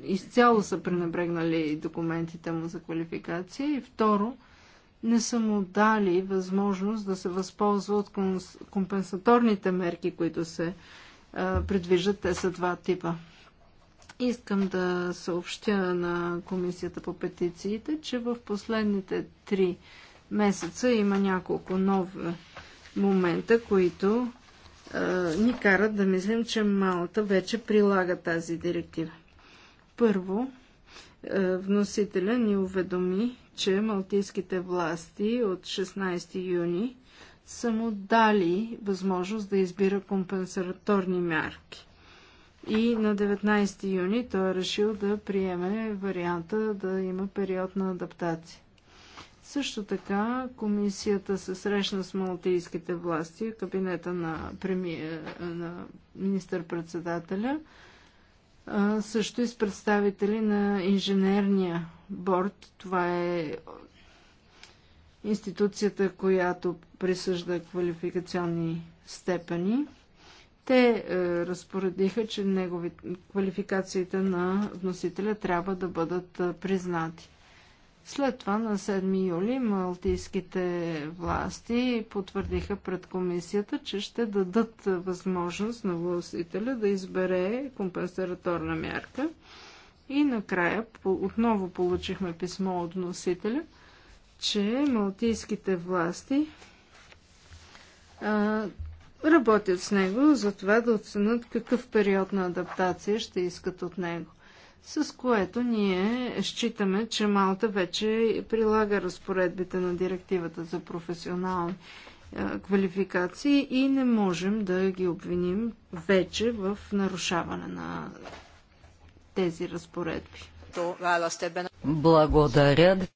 изцяло са пренебрегнали документите му за квалификация. И второ, не са му дали възможност да се възползва от компенсаторните мерки, които се предвиждат. Те са два типа. Искам да съобщя на Комисията по петициите, че в последните три месеца има няколко нови момента, които е, ни карат да мислим, че Малта вече прилага тази директива. Първо, е, вносителя ни уведоми, че малтийските власти от 16 юни са му дали възможност да избира компенсаторни мярки. И на 19 юни той е решил да приеме варианта да има период на адаптация. Също така комисията се срещна с малтийските власти, кабинета на, преми... Е, на министър-председателя, е, също и с представители на инженерния борт. Това е институцията, която присъжда квалификационни степени. Те е, разпоредиха, че негови квалификациите на вносителя трябва да бъдат е, признати. След това на 7 юли малтийските власти потвърдиха пред комисията, че ще дадат възможност на властителя да избере компенсаторна мярка. И накрая отново получихме писмо от вносителя, че малтийските власти а, работят с него за това да оценят какъв период на адаптация ще искат от него с което ние считаме, че Малта вече прилага разпоредбите на директивата за професионални е, квалификации и не можем да ги обвиним вече в нарушаване на тези разпоредби. Благодаря.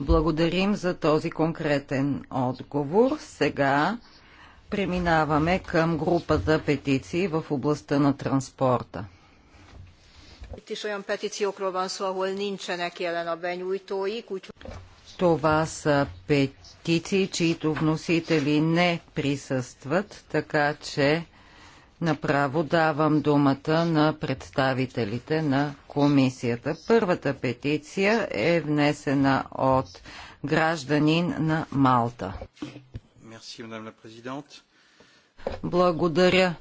Благодарим за този конкретен отговор. Сега преминаваме към групата петиции в областта на транспорта. Това са петиции, чието вносители не присъстват, така че направо давам думата на представителите на комисията. Първата петиция е внесена от гражданин на Малта. Благодаря,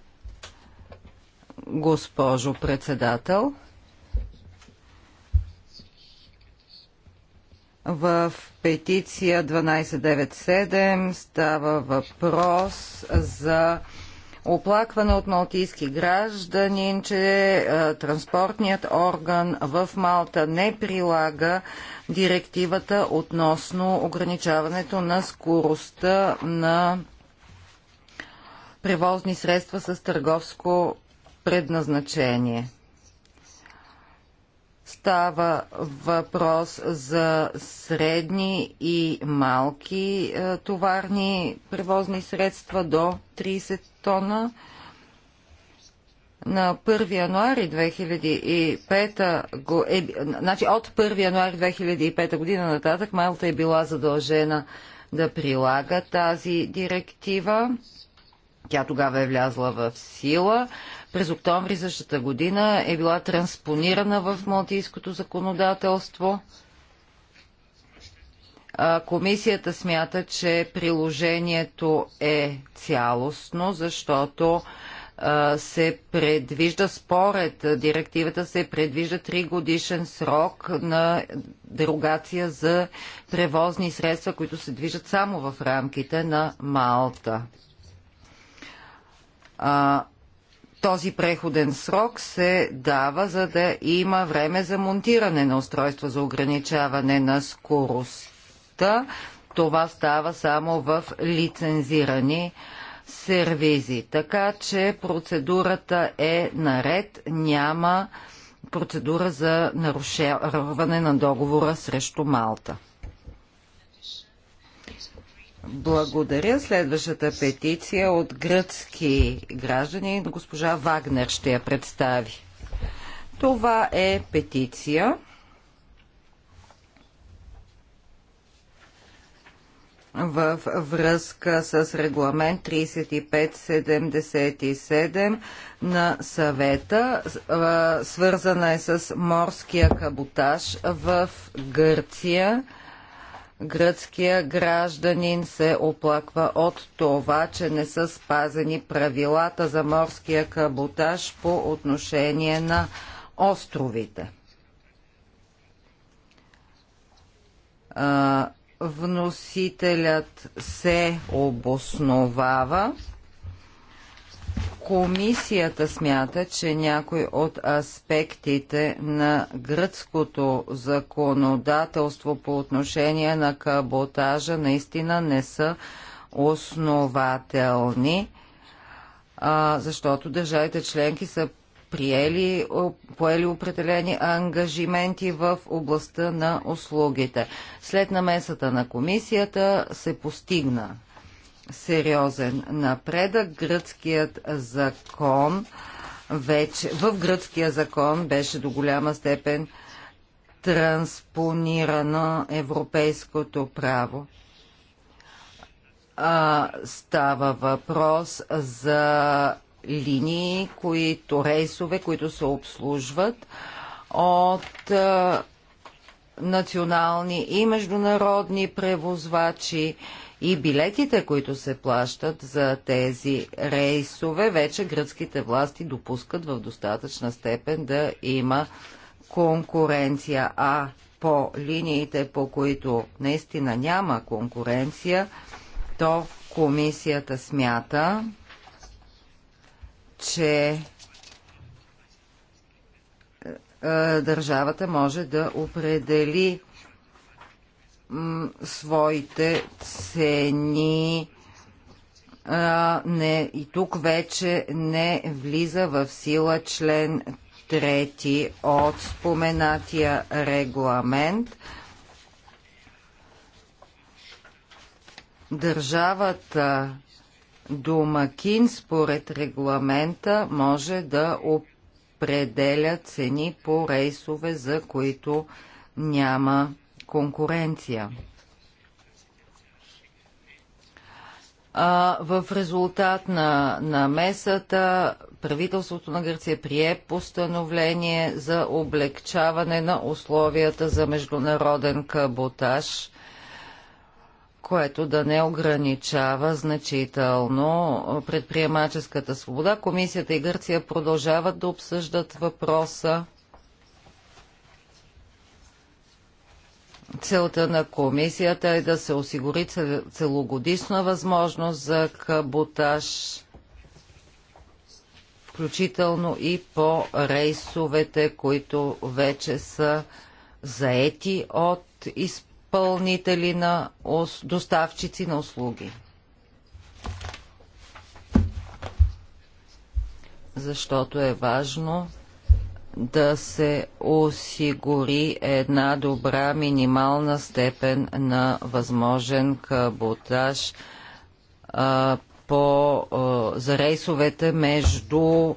госпожо председател. В петиция 1297 става въпрос за оплакване от малтийски гражданин, че е, транспортният орган в Малта не прилага директивата относно ограничаването на скоростта на превозни средства с търговско предназначение. Става въпрос за средни и малки е, товарни превозни средства до 30 тона. На 1 януари 2005 го, е, значи от 1 януари 2005 година нататък Малта е била задължена да прилага тази директива. Тя тогава е влязла в сила през октомври същата година е била транспонирана в малтийското законодателство. Комисията смята, че приложението е цялостно, защото се предвижда, според директивата се предвижда 3 годишен срок на дерогация за превозни средства, които се движат само в рамките на Малта. Този преходен срок се дава, за да има време за монтиране на устройство за ограничаване на скоростта. Това става само в лицензирани сервизи. Така че процедурата е наред, няма процедура за нарушаване на договора срещу Малта. Благодаря. Следващата петиция от гръцки граждани госпожа Вагнер ще я представи. Това е петиция. в връзка с регламент 3577 на съвета, свързана е с морския каботаж в Гърция гръцкия гражданин се оплаква от това, че не са спазени правилата за морския каботаж по отношение на островите. вносителят се обосновава Комисията смята, че някой от аспектите на гръцкото законодателство по отношение на каботажа наистина не са основателни, защото държавите членки са приели, поели определени ангажименти в областта на услугите. След намесата на комисията се постигна сериозен напредък. Гръцкият закон вече, в гръцкия закон беше до голяма степен транспонирано европейското право. А, става въпрос за линии, които, рейсове, които се обслужват от а, национални и международни превозвачи и билетите, които се плащат за тези рейсове, вече гръцките власти допускат в достатъчна степен да има конкуренция. А по линиите, по които наистина няма конкуренция, то комисията смята, че е, е, държавата може да определи своите цени. А, не, и тук вече не влиза в сила член 3 от споменатия регламент. Държавата домакин според регламента може да определя цени по рейсове, за които няма конкуренция. А, в резултат на, на месата правителството на Гърция прие постановление за облегчаване на условията за международен каботаж, което да не ограничава значително предприемаческата свобода. Комисията и Гърция продължават да обсъждат въпроса Целта на комисията е да се осигури целогодишна възможност за каботаж, включително и по рейсовете, които вече са заети от изпълнители на доставчици на услуги. Защото е важно да се осигури една добра минимална степен на възможен каботаж а, по, а, за рейсовете между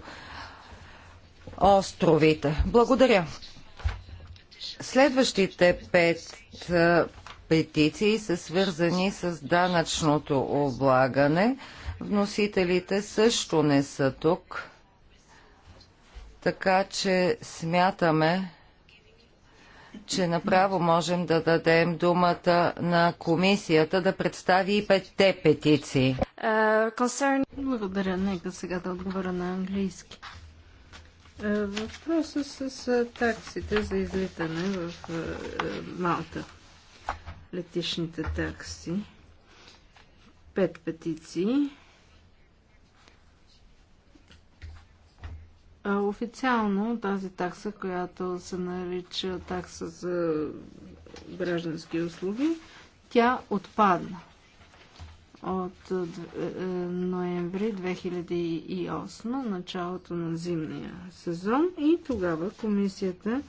островите. Благодаря. Следващите пет а, петиции са свързани с данъчното облагане. Вносителите също не са тук. Така че смятаме, че направо можем да дадем думата на комисията да представи и петте петиции. Uh, е, concern... Благодаря. Нека сега да отговоря на английски. Е, Въпроса с таксите за излитане в е, Малта. Летишните такси. Пет петиции. Официално тази такса, която се нарича такса за граждански услуги, тя отпадна от е, е, ноември 2008, началото на зимния сезон и тогава комисията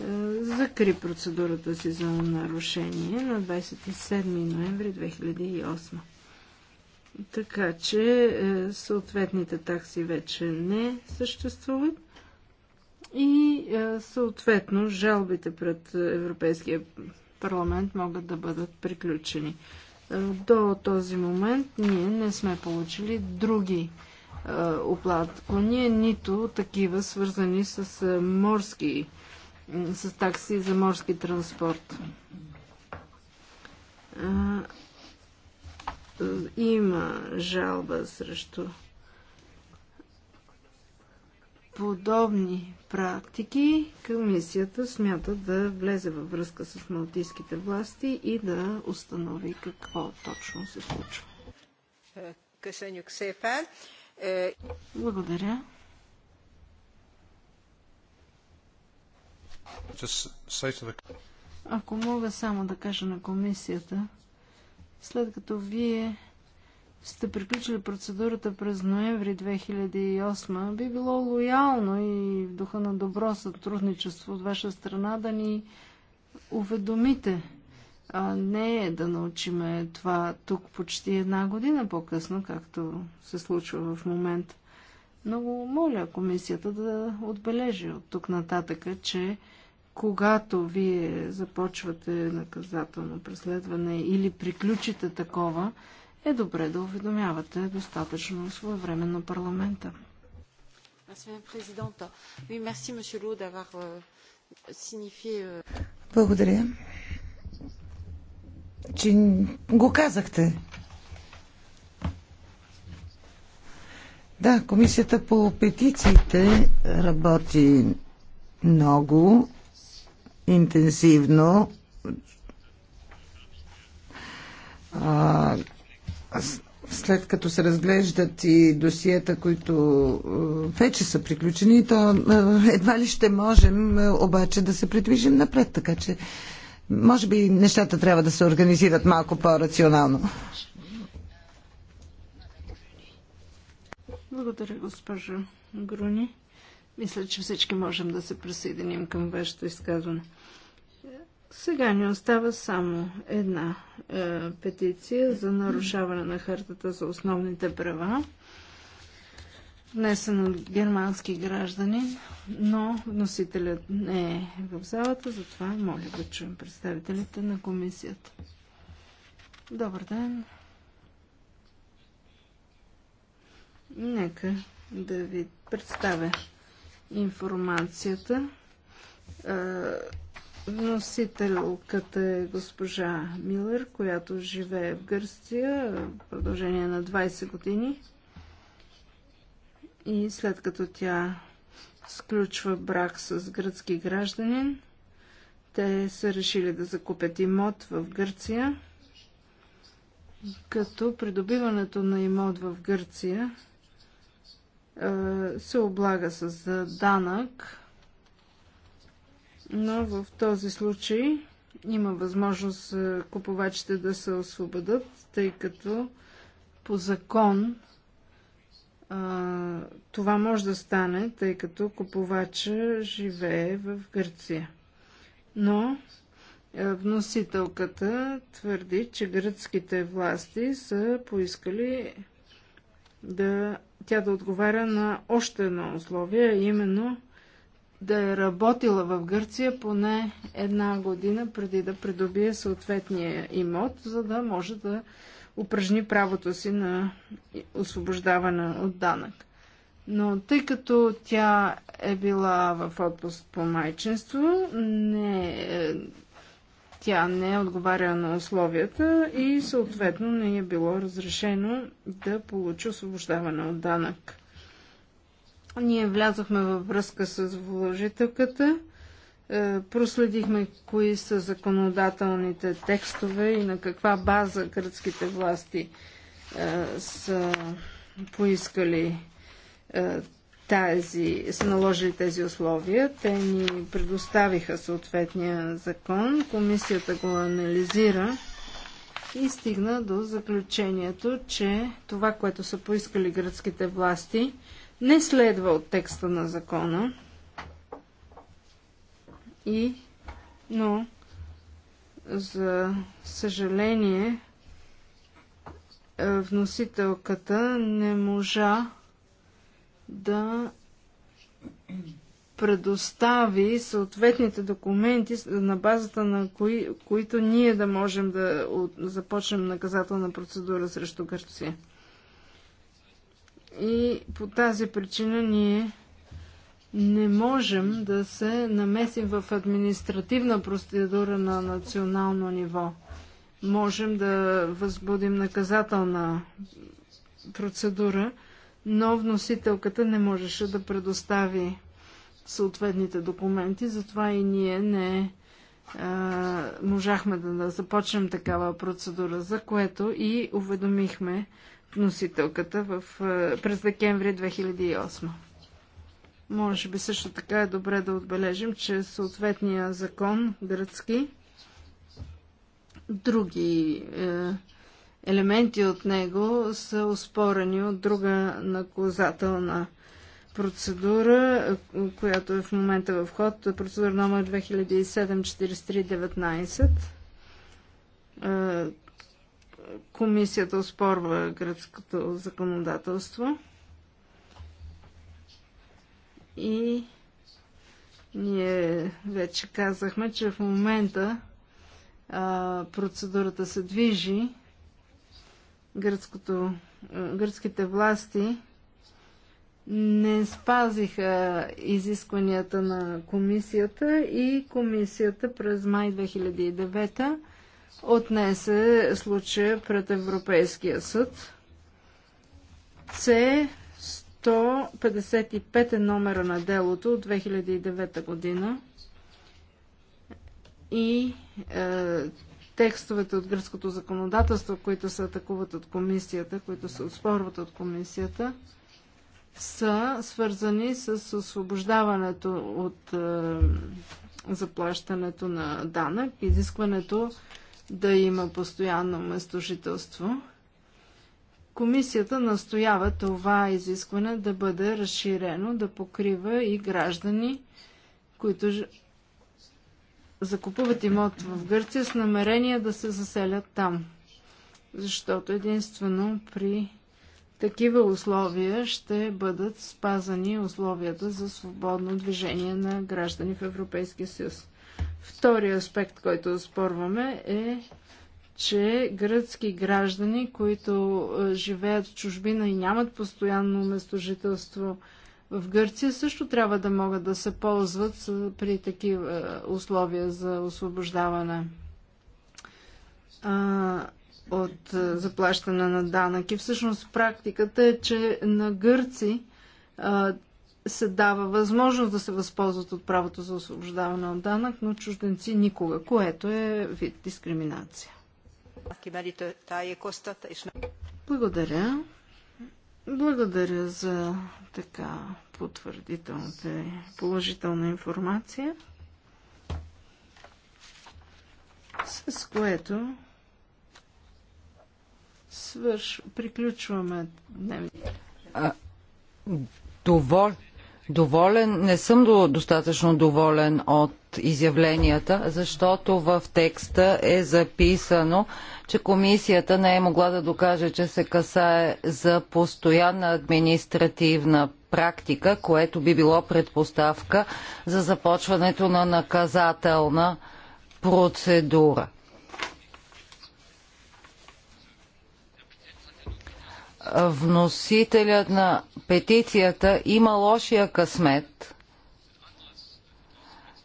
е, закри процедурата си за нарушение на 27 ноември 2008. Така че е, съответните такси вече не съществуват и е, съответно жалбите пред Европейския парламент могат да бъдат приключени. Е, до този момент ние не сме получили други оплаткания, нито такива свързани с морски, с такси за морски транспорт има жалба срещу подобни практики, комисията смята да влезе във връзка с малтийските власти и да установи какво точно се случва. Е, Благодаря. Ако мога само да кажа на комисията, след като вие сте приключили процедурата през ноември 2008, би било лоялно и в духа на добро сътрудничество от ваша страна да ни уведомите. А не е да научиме това тук почти една година по-късно, както се случва в момента. Много моля комисията да отбележи от тук нататъка, че когато вие започвате наказателно преследване или приключите такова, е добре да уведомявате достатъчно своевременно парламента. Euh, euh, Благодаря, че го казахте. Да, комисията по петициите работи много интензивно. след като се разглеждат и досиета, които вече са приключени, то едва ли ще можем обаче да се придвижим напред, така че може би нещата трябва да се организират малко по-рационално. Благодаря, госпожо Груни. Мисля, че всички можем да се присъединим към вашето изказване. Сега ни остава само една е, петиция за нарушаване на хартата за основните права, внесен от германски граждани, но носителят не е в залата, затова моля да чуем представителите на комисията. Добър ден! Нека да ви представя информацията. Е, Носителката е госпожа Милър, която живее в Гърция в продължение на 20 години. И след като тя сключва брак с гръцки гражданин, те са решили да закупят имот в Гърция, като придобиването на имот в Гърция се облага с данък – но в този случай има възможност е, купувачите да се освободят, тъй като по закон това може да стане, тъй като купувача живее в Гърция. Но е, вносителката твърди, че гръцките власти са поискали да тя да отговаря на още едно условие, именно да е работила в Гърция поне една година преди да придобие съответния имот, за да може да упражни правото си на освобождаване от данък. Но тъй като тя е била в отпуск по майчинство, не, е, тя не е отговаря на условията и съответно не е било разрешено да получи освобождаване от данък. Ние влязохме във връзка с вложителката, е, проследихме кои са законодателните текстове и на каква база гръцките власти е, са поискали е, тази, са наложили тези условия. Те ни предоставиха съответния закон, комисията го анализира и стигна до заключението, че това, което са поискали гръцките власти, не следва от текста на закона. И, но, за съжаление, е, вносителката не можа да предостави съответните документи, на базата на кои, които ние да можем да започнем наказателна процедура срещу Гърция. И по тази причина ние не можем да се намесим в административна процедура на национално ниво. Можем да възбудим наказателна процедура, но вносителката не можеше да предостави съответните документи, затова и ние не а, можахме да, да започнем такава процедура, за което и уведомихме носителката в, през декември 2008. Може би също така е добре да отбележим, че съответния закон гръцки, други е, елементи от него са успорени от друга наказателна процедура, която е в момента в ход, процедура номер 2007-4319 комисията оспорва гръцкото законодателство и ние вече казахме, че в момента а, процедурата се движи. Гръцкото, гръцките власти не спазиха изискванията на комисията и комисията през май 2009 отнесе случая пред Европейския съд. С 155 е номера на делото от 2009 година и е, текстовете от гръцкото законодателство, които се атакуват от комисията, които се отспорват от комисията, са свързани с освобождаването от е, заплащането на данък, изискването да има постоянно местожителство. Комисията настоява това изискване да бъде разширено, да покрива и граждани, които закупуват имот в Гърция с намерение да се заселят там. Защото единствено при такива условия ще бъдат спазани условията за свободно движение на граждани в Европейския съюз. Втория аспект, който спорваме е, че гръцки граждани, които е, живеят в чужбина и нямат постоянно местожителство в Гърция, също трябва да могат да се ползват при такива е, условия за освобождаване от е, заплащане на данъки. Всъщност практиката е, че на гърци се дава възможност да се възползват от правото за освобождаване от данък, но чужденци никога, което е вид дискриминация. Благодаря. Благодаря за така потвърдителната и положителна информация, с което свърш, приключваме дневния. Това доволен, не съм до, достатъчно доволен от изявленията, защото в текста е записано, че комисията не е могла да докаже, че се касае за постоянна административна практика, което би било предпоставка за започването на наказателна процедура. вносителят на петицията има лошия късмет.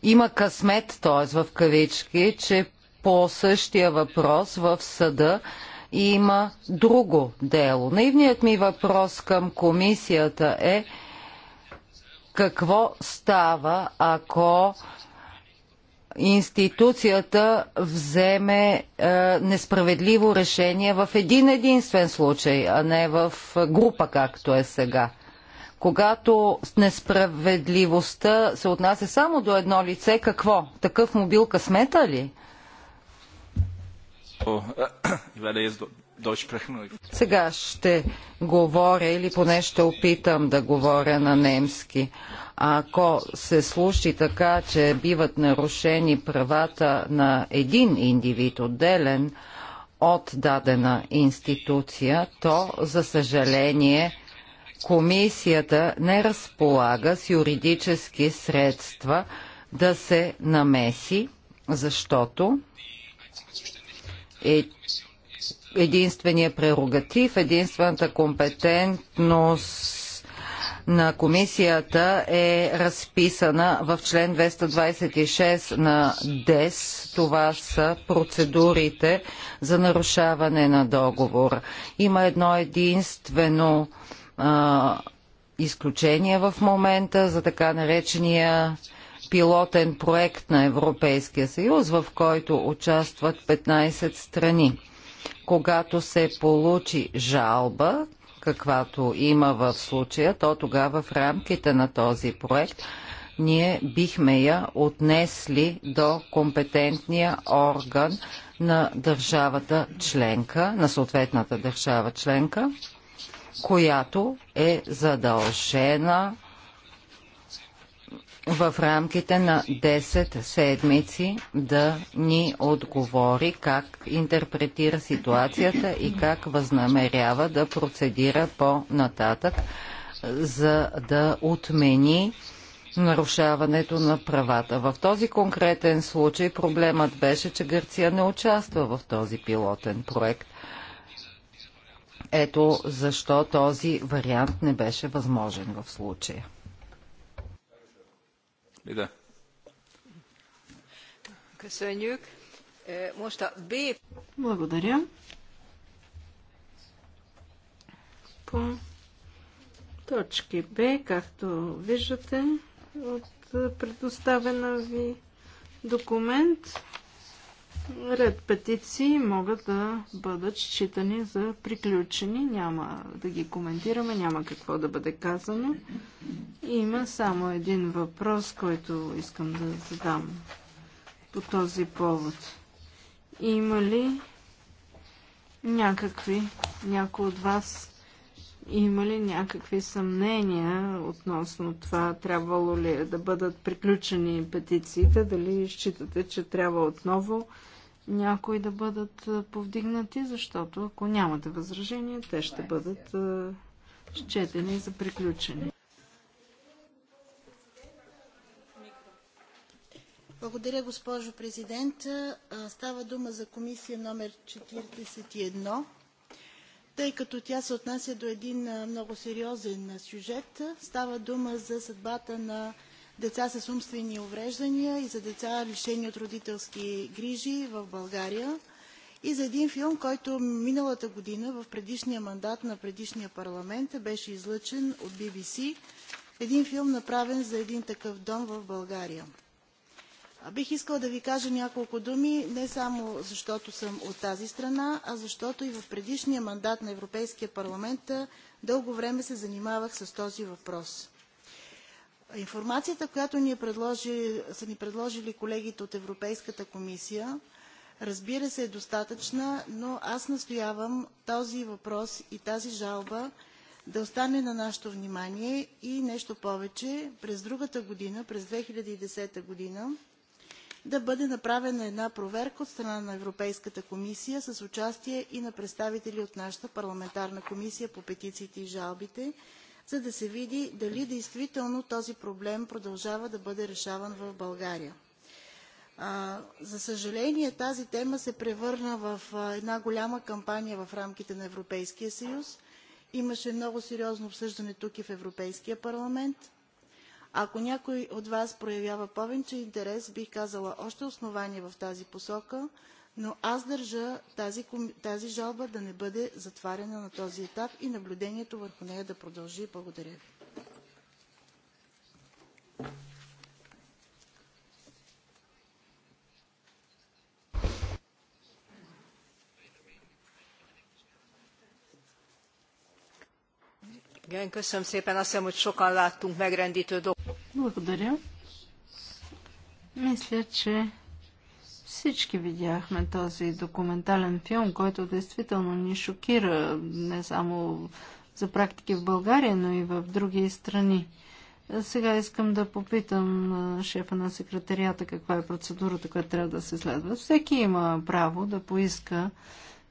Има късмет, т.е. в кавички, че по същия въпрос в съда има друго дело. Наивният ми въпрос към комисията е какво става, ако институцията вземе е, несправедливо решение в един единствен случай, а не в група, както е сега. Когато несправедливостта се отнася само до едно лице, какво? Такъв му бил късмета ли? Сега ще говоря или поне ще опитам да говоря на немски. Ако се случи така, че биват нарушени правата на един индивид отделен от дадена институция, то, за съжаление, комисията не разполага с юридически средства да се намеси, защото е единствения прерогатив, единствената компетентност на комисията е разписана в член 226 на ДЕС. Това са процедурите за нарушаване на договор. Има едно единствено а, изключение в момента за така наречения пилотен проект на Европейския съюз, в който участват 15 страни. Когато се получи жалба, каквато има в случая, то тогава в рамките на този проект ние бихме я отнесли до компетентния орган на държавата членка, на съответната държава членка, която е задължена в рамките на 10 седмици да ни отговори как интерпретира ситуацията и как възнамерява да процедира по-нататък, за да отмени нарушаването на правата. В този конкретен случай проблемът беше, че Гърция не участва в този пилотен проект. Ето защо този вариант не беше възможен в случая. Благодаря. По точки Б, както виждате от предоставена ви документ, ред петиции могат да бъдат считани за приключени. Няма да ги коментираме, няма какво да бъде казано. Има само един въпрос, който искам да задам по този повод. Има ли някакви, някои от вас има ли някакви съмнения относно това, трябвало ли е да бъдат приключени петициите, дали считате, че трябва отново някои да бъдат повдигнати, защото ако нямате възражение, те ще бъдат счетени за приключени. Благодаря, госпожо президент. Става дума за комисия номер 41. Тъй като тя се отнася до един много сериозен сюжет, става дума за съдбата на деца с умствени увреждания и за деца лишени от родителски грижи в България и за един филм, който миналата година в предишния мандат на предишния парламент беше излъчен от BBC. Един филм направен за един такъв дом в България. Бих искала да ви кажа няколко думи, не само защото съм от тази страна, а защото и в предишния мандат на Европейския парламент дълго време се занимавах с този въпрос. Информацията, която ни е предложи, са ни предложили колегите от Европейската комисия, разбира се е достатъчна, но аз настоявам този въпрос и тази жалба да остане на нашето внимание и нещо повече. През другата година, през 2010 година, да бъде направена една проверка от страна на Европейската комисия с участие и на представители от нашата парламентарна комисия по петициите и жалбите, за да се види дали действително този проблем продължава да бъде решаван в България. За съжаление, тази тема се превърна в една голяма кампания в рамките на Европейския съюз. Имаше много сериозно обсъждане тук и в Европейския парламент. Ако някой от вас проявява повече интерес, бих казала още основания в тази посока, но аз държа тази, тази жалба да не бъде затваряна на този етап и наблюдението върху нея да продължи. Благодаря ви. Благодаря. Мисля, че всички видяхме този документален филм, който действително ни шокира не само за практики в България, но и в други страни. Сега искам да попитам шефа на секретарията каква е процедурата, която трябва да се следва. Всеки има право да поиска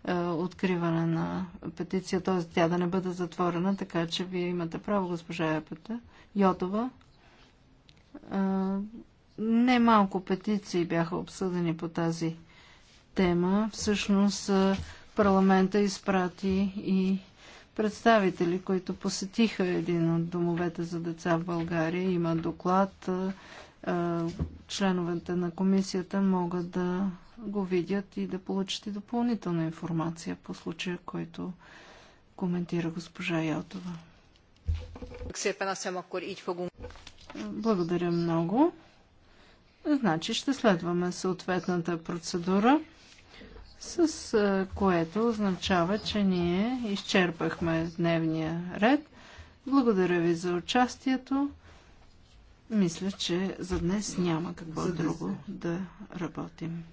е, откриване на петиция, т.е. тя да не бъде затворена, така че вие имате право, госпожа Епета Йотова. Е, не малко петиции бяха обсъдени по тази тема. Всъщност е, парламента изпрати и представители, които посетиха един от домовете за деца в България. Има доклад. Членовете на комисията могат да го видят и да получат и допълнителна информация по случая, който коментира госпожа Ялтова. Благодаря много. Значи ще следваме съответната процедура, с което означава, че ние изчерпахме дневния ред. Благодаря ви за участието. Мисля, че за днес няма какво друго да работим.